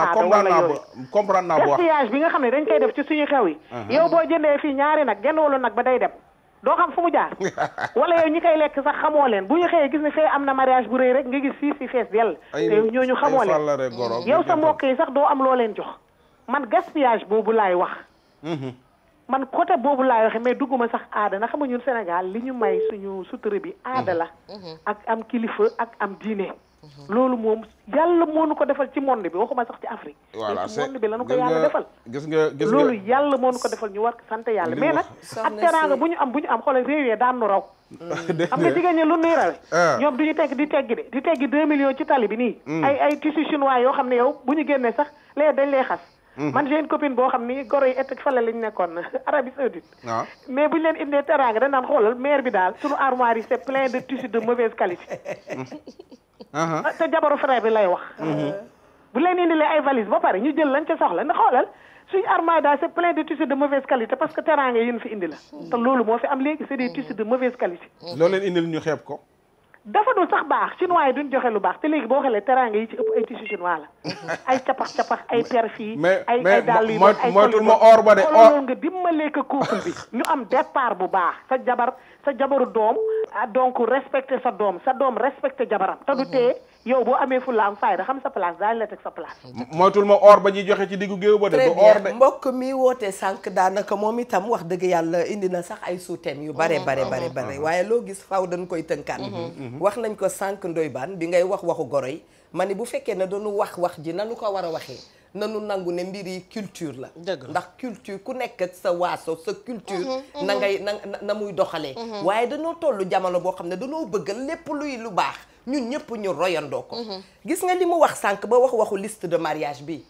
bi nga xam ne dañ koy def ci suñu xew yi. Uh-huh. yow boo jëndee fii ñaari nag genn wàllu nag ba day dem. doo xam fu mu jaar [LAUGHS] wala yow ñi kay lekk sax xamoo leen bu ñu xëyee gis ne fee am na mariage bu rëy rek nga gis fii si fees dell te ñooñu xamoo leen yow sa mbokk yi sax doo am loo leen jox man gaspillage boobu laay wax mm-hmm. man côté boobu laay waxe mais dugguma sax aada na xam ñun Sénégal li ñu may suñu sutura bi aada la mm-hmm. ak am kilifa ak am diine Mhm. loolu moom yàlla moo nu ko defal ci monde bi waxuma sax ci Afrique. voilà ci bi la ko yàlla gis nga loolu yàlla moo nu ko defal ñu war ko sant yàlla. mais nag ak teraanga bu ñu am bu ñu am xoolal réew yee daan nu raw. Mm. [LAUGHS] xam nga jigéen ñi lu nuy rawe ah. ñoom du ñu tegg di teggi de di teggi deux millions ci tali bi nii. Mm. ay ay tissu yoo xam ne yow bu ñu génnee sax lee dañ lay xas. Mhm. man j'ai une boo xam ni goro yi etak fale lañ nekkoon [LAUGHS] Arabie Saoudite waaw ah. mais bu ñu leen indee teraanga dañ naan xoolal maire bi daal suñu armoire yi c'est plein de tissu de mauvaise qualité [LAUGHS] ah, te jabaru frère bi lay wax mhm. bu leen indilee ay valise ba pare ñu jël lañ ca soxla ndax xoolal suñu armoire daal c'est plein de tissus de mauvaise qualité parce que teraanga yi ñu fi indi la mhm. te loolu moo fi am léegi c'est des tissus de mauvaise qualité loo leen indil ñu ko dafa dul sax baax chinois yi duñ joxe lu baax te léegi boo xoolee teraanga yi ci ëpp ay tissu chinois la ay capax capax ay per fii ay ay dàll yi ay moytul ma or ba de or nga dimbalee ko couple bi ñu am départ bu baax sa jabar sa jabaru doom ah, donc respecté sa doom sa doom respecté jabaram ta du mhm. tee yow boo amee fu laam fayda xam sa place daañu la teg sa place. moytul ma or ba ñuy joxe ci diggu géew ba de. ba or mbokk mi woote sànq daanaka moom itam wax dëgg yàlla indi na sax ay sous yu bare bare bare mm-hmm. bare mm-hmm. waaye loo gis faw dañ koy tënkaan. Mm-hmm. wax nañ ko sànq ndoy baan bi ngay wax waxu goro yi ma ne bu fekkee ne dañu wax wax ji nanu ko war a waxee nanu nangu ne mbir yi culture la. ndax culture ku nekk sa waaso sa culture. na ngay na na muy doxalee. waaye danoo toll jamono boo xam ne danoo bëgg lépp luy lu baax. ñun ñëpp ñu royandoo ko mhm. gis nga li mu wax sànq ba wax waxu liste de mariage bi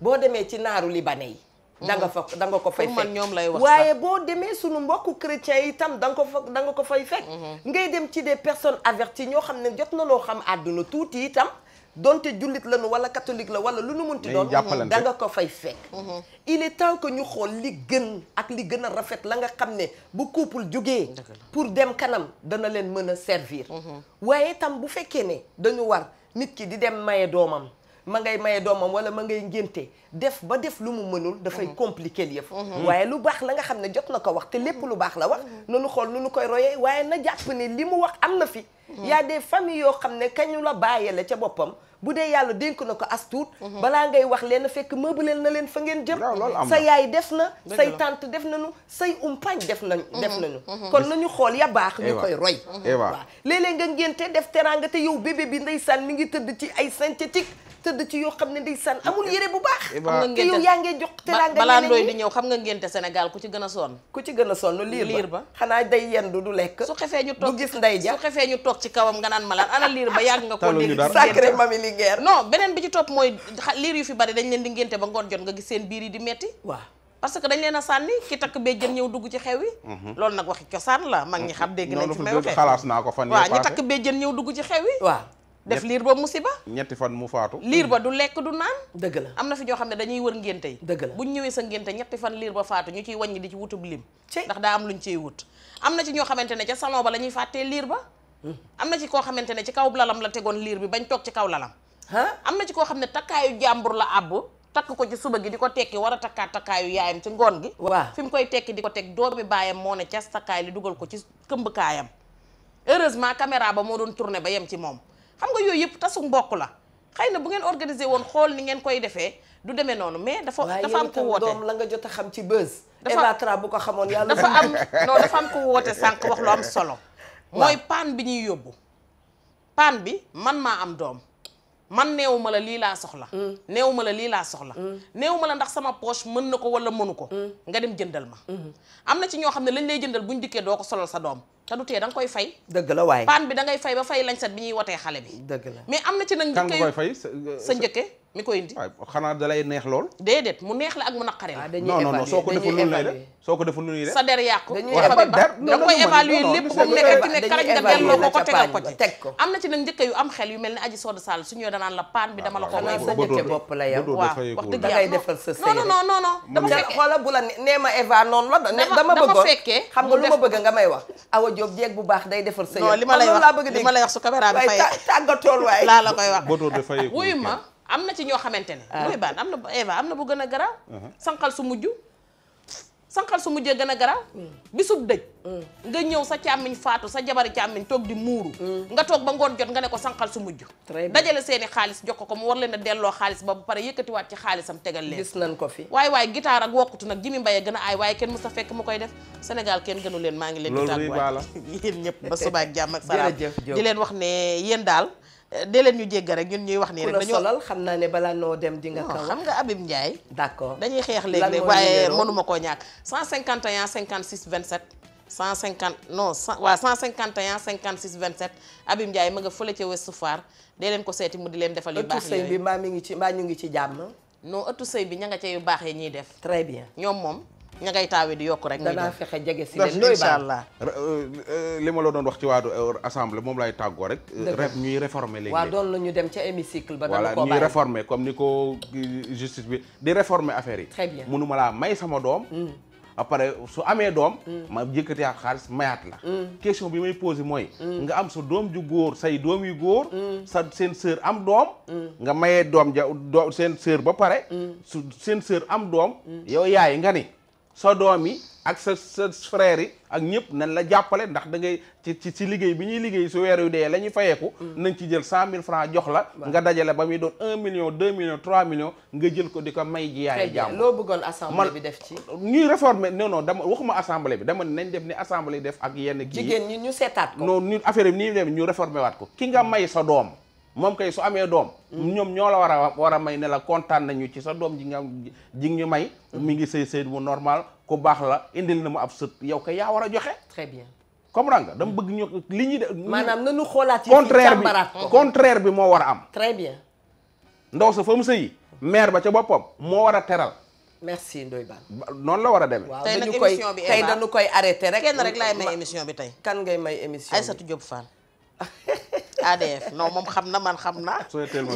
boo demee ci naaru libanais yi mhm. da nga fa da nga ko fay fekk ñoom lay waaye boo demee sunu mbokku chrétien yi itam da nga ko fa da nga ko fay fekk mhm. ngay dem ci des personnes averties ñoo xam ne jot na loo xam àdduna tuuti itam donte jullit lañu wala catholique la wala lu nu munti doon da nga ko fay fekk mhm. il est temps ko ñu xool li gën ak li gën a rafet la nga xam ne bu couple jógee pour dem kanam dana leen mën a servir mhm. waaye tam bu fekkee ne dañu war nit ki di dem maye doomam ma ngay maye doomam wala ma ngay ngénte def ba def lu mu mënul dafay mhm. compliquer yëf waaye lu baax la nga xam ne jot na ko wax te lépp lu baax la wax nanu xool nu nu koy royee waaye na jàpp ne mu wax am na fi y de des yoo xam ne kañu la bàyyee la ca boppam bu dee yàlla dénk na ko as tuut mhm. balaa ngay wax leen fekk meubleel na leen fa ngeen jëm sa yaay def na say tànt def nañu say umpaañ mhm. def nañu def mhm. nañu kon nañu xool ya baax ñu koy roy waaw léeg-léeg nga ngénte def teraanga te yow bébé bi ndey ndeysaan mi ngi tëdd ci ay synthétique tëdd ci yoo xam ne ndeysaan amul yére bu baax nga balaa ndooy di ñëw xam nga ngénte Sénégal ku ci gën a sonn ku ci gën a sonn liir ba xanaa day yendu du lekk su xefee ñu toog du gis ndey ja ci kawam nga naan malaan ana liir ba yàgg nga ko dégg sacré mami li ngeer beneen bi ci topp mooy liir yu fi bari dañ leen di ngénte ba ngoon jot nga gis seen biir yi di metti waaw parce que dañ leen a sànni ki takk bee jën ñëw dugg ci xew yi mhm. loolu nag waxi cosaan la mag ñi xam dégg nañ fi may waxee xalaas naa ko def liir ba musiba ñetti fan mu faatu liir ba du lekk du naan dëgg la am na fi ñoo xam ne dañuy wër ngénte yi dëgg la ñu ñëwee sa ngénte ñetti fan liir ba faatu ñu ciy wañ di ci wutub lim ndax daa am luñ ciy wut am na ci ñoo xamante ne ca saloo ba la ñuy fàttee liir ba hmm. am na ci koo xamante ne ci kaw lalam la tegoon liir bi bañ toog ci kaw lalam am na ci koo xam ne takkaayu jàmbur la àbb takk ko ci suba gi di ko tekki war a takkaat takkaayu yaayam ci ngoon gi waaw fi mu koy tekki di ko teg doomi baayam moo ne cas takkaay li dugal ko ci këmb kaayam heureusement ba moo doon tourné ba yem ci moom xam nga yooyu yëpp tasu mboq la xëy na bu ngeen organiser woon xool ni ngeen koy defee du demee noonu mais dafa dafa am ko woote doom la nga jot a xam ci bës Eva Tra bu ko xamoon yàlla dafa am ko woote sànq wax lu am solo mooy paan bi ñuy yóbbu paan bi man maa am doom man neewu ma la lii laa soxla mm. neewu ma la lii laa soxla mm. neewu ma la ndax sama poche mën na ko wala mënu ko mm. nga dem jëndal ma mm-hmm. am na ci ñoo xam ne lañ lay jëndal buñ dikkee doo ko solal sa doom te du tee danga koy fay. dëgg la waay paan bi da fay ba fay lañset bi ñuy wotee xale bi. dëgg la mais am na ci nag. njëkkee kan nga koy sa njëkke ni ko indi waaw xanaa da lay neex lool déedéet mu neex la ak mu naqare la ah, non non non soo ko deful lu lay def soo ko deful lu lay def sa der yàqu da koy teg ko am na ci nag njëkk yu am xel yu mel ni aji Soda Sall suñu danaan la bi dama la ko ah, sa wax dëgg yàlla defal sa sëy non non non non la nee ma Eva noonu la dama bëggoon fekkee xam nga lu ma bëgg nga may wax Awa Diop jeeg bu baax day defal sëy non li ma lay wax li ma lay wax su caméra bi fay tàggatool waay laa la koy wax wuyu ma am na ci ñoo xamante ne. mooy ah. baan am na am na bu gën a garaaw. Uh-huh. sànqal su mujj. sànqal su mujjee gën a garaaw. Mm. bisub dëj. Mm. nga ñëw sa càmmiñ faatu sa jabari càmmiñ toog di muuru. Mm. nga toog ba ngoon jot nga ne ko sànqal su mujj. dajale seeni xaalis jox ko ko mu war leen a delloo xaalis ba bu pare yëkkatiwaat ci xaalisam tegal leen. gis nañ ko fi waaye waaye gitaar ak wokkutu nag jimi mbaye gën a aay waaye kenn musta fekk mu koy def Sénégal kenn gënu leen maa ngi leen. di tàgguwaay [LAUGHS] ñëpp ba suba ak jàmm ak salaam di leen wax ne yéen daal dee leen ñu jégg rek ñun ñuy wax nii rek dañu xam naa ne balaa noo dem di nga kaw xam nga Abib Ndiaye d'accord dañuy xeex léeg-léeg waaye mënuma koo ñàkk 151 56 27 150 non waaw 151 56 27 Abim Ndiaye ma nga fële ca Ouest Foire dee leen ko seeti mu di leen defal yu baax yooyu mbaa mi ngi ci mbaa ñu ngi ci jàmm. non ëttu sëy bi ña nga ca yu baax yi ñuy def. très bien ñoom moom. ña ngay taawee di yokk rek. danaa fexe jege si leen incha euh, euh, li ma la doon wax ci waadu euh, assemblée moom laay tàggoo rek. rek ñuy réformer léegi. waaw la ñu dem ca hémicycle ba dama ko bàyyi comme ni ko justice bi di réformer affaire yi. très bien mënuma laa may sama doom. a mm. après su amee doom. Mm. ma jëkkati xaalis mayaat la. Mm. question bi may posé mooy. nga am su doom ju góor say doom yu góor. sa seen sœur am doom. nga mayee doom ja seen sœur ba pare. su seen sœur am doom. yow yaay nga ni. sa doom yi ak sa sa frère yi ak ñëpp nañ la jàppale ndax da ngay ci ci liggéey bi ñuy liggéey su weer yu dee la ñuy fayeeku mm. nañ ci jël cent mille francs jox la nga dajale ba muy doon un million deux millions trois millions nga jël ko di ko may ji yaay jàmm loo bëggoon assemblée bi def ci ñuy réformer non non dama waxuma assemblée bi dama nañ def ni assemblée def ak yenn kii jigéen ñi ñu seetaat ko non affaire bi nii dem ñu réformer waat ko ki nga mm. may sa doom moom kay su amee doom ñoom ñoo la war a war a may ne la kontaan nañu ci sa doom ji nga ji ñu may mi ngi sëy sëy bu normal ku baax la indil na ma ab sët yow kay yaa war a joxe très bien comprendre nga dama bëgg ñu li ñuy de maanaam nañu xoolaat ci contraire bi contraire bi moo war a am très bien ndaw sa fa mu sëyi maire ba ca boppam moo war a teral merci Ndoye Bane noonu la war a demee tey nag émission bi tey dañu koy arrêté rek kenn rek laay may émission bi tey kan ngay may émission bi Aïssatou Diop Fall [LAUGHS] ADF non moom xam na man xam naa.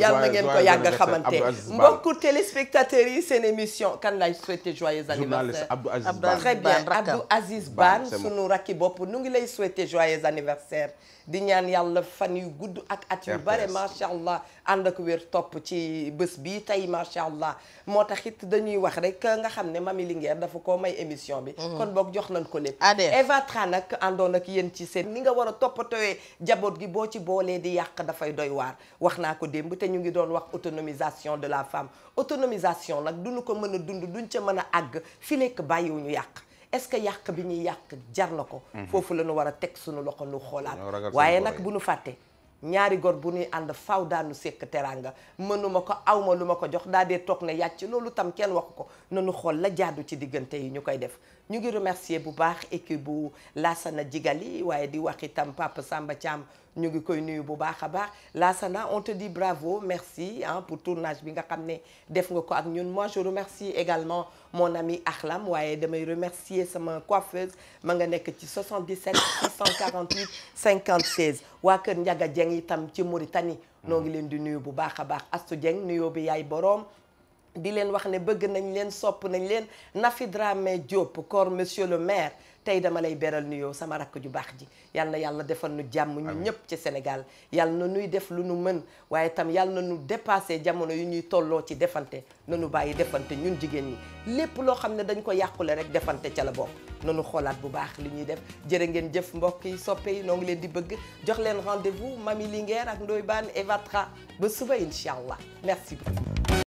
yàlla na ngeen ko yàgg a xamante mbokku téléspectateurs yi seen émission kan laay souhaiter joyeux anniversaire Abdou Aziz Ban très bien Abdou Aziz Ban sunu rakki bopp nu ngi lay souhaiter joyeux anniversaire. di ñaan yàlla fan yu gudd ak at yu bare macha allah ànd ak wér topp ci bés bii tey macha allah moo tax it dañuy wax rek nga xam ne Mami lingeer dafa ko may émission bi mm. kon boog jox nañ ko lépp Eva Tra nag àndoon ak yéen ci seen ni nga war a toppatooyee jaboot gi boo ci boolee di yàq dafay doy waar wax naa ko démb te ñu ngi doon wax autonomisation de la femme autonomisation nag duñu ko mën a dund duñ ca mën a àgg fi lekk bàyyiwuñu yàq est-ce que yàq bi ñuy yàq jar na ko mhm. foofu la ñu war a teg suñu loxo nu xoolaat waaye nag bu nu fàttee ñaari gor bu nuy ànd faw daanu sekk teraanga mënuma ko awma lu ma ko jox daa dee toog ne yàcc loolu tam kenn wax ko nanu xool la jaadu ci diggante yi ñu koy def ñu ngi remercier bu baax équipe bu Lassana Jigali waaye di wax itam Papa Samba Thiam ñu ngi koy nuyu bu baax a baax Lassana on te di bravo merci hein, pour tournage bi nga xam ne def nga ko ak ñun moi je remercie également mon ami Akhlam waaye damay remercier sama coiffeuse ma nga nekk ci 77 648 56 waa kër njaga Dieng itam ci Mauritanie noo ngi leen di nuyu bu baax a baax Astou Dieng nuyoo bi yaay boroom di leen wax ne bëgg nañ leen sopp nañ leen Nafi Dramé Diop corps monsieur le maire tey dama lay beral nuyoo sama rakk ju baax ji yal na yàlla defal nu jàmm ñu ñëpp ci Sénégal yal na nuy def lu nu mën waaye tam yal na nu dépassé jamono yu ñuy tolloo ci defante nu bàyyi defante ñun jigéen ñi lépp loo xam ne dañ ko yàqule rek defante ca la bokk nanu xoolaat bu baax li ñuy def jëre ngeen jëf mbokk yi soppee yi noo ngi leen di bëgg jox leen rendez-vous Mami Linguère ak Ndoye Bane Evatra ba suba incha allah merci beaucoup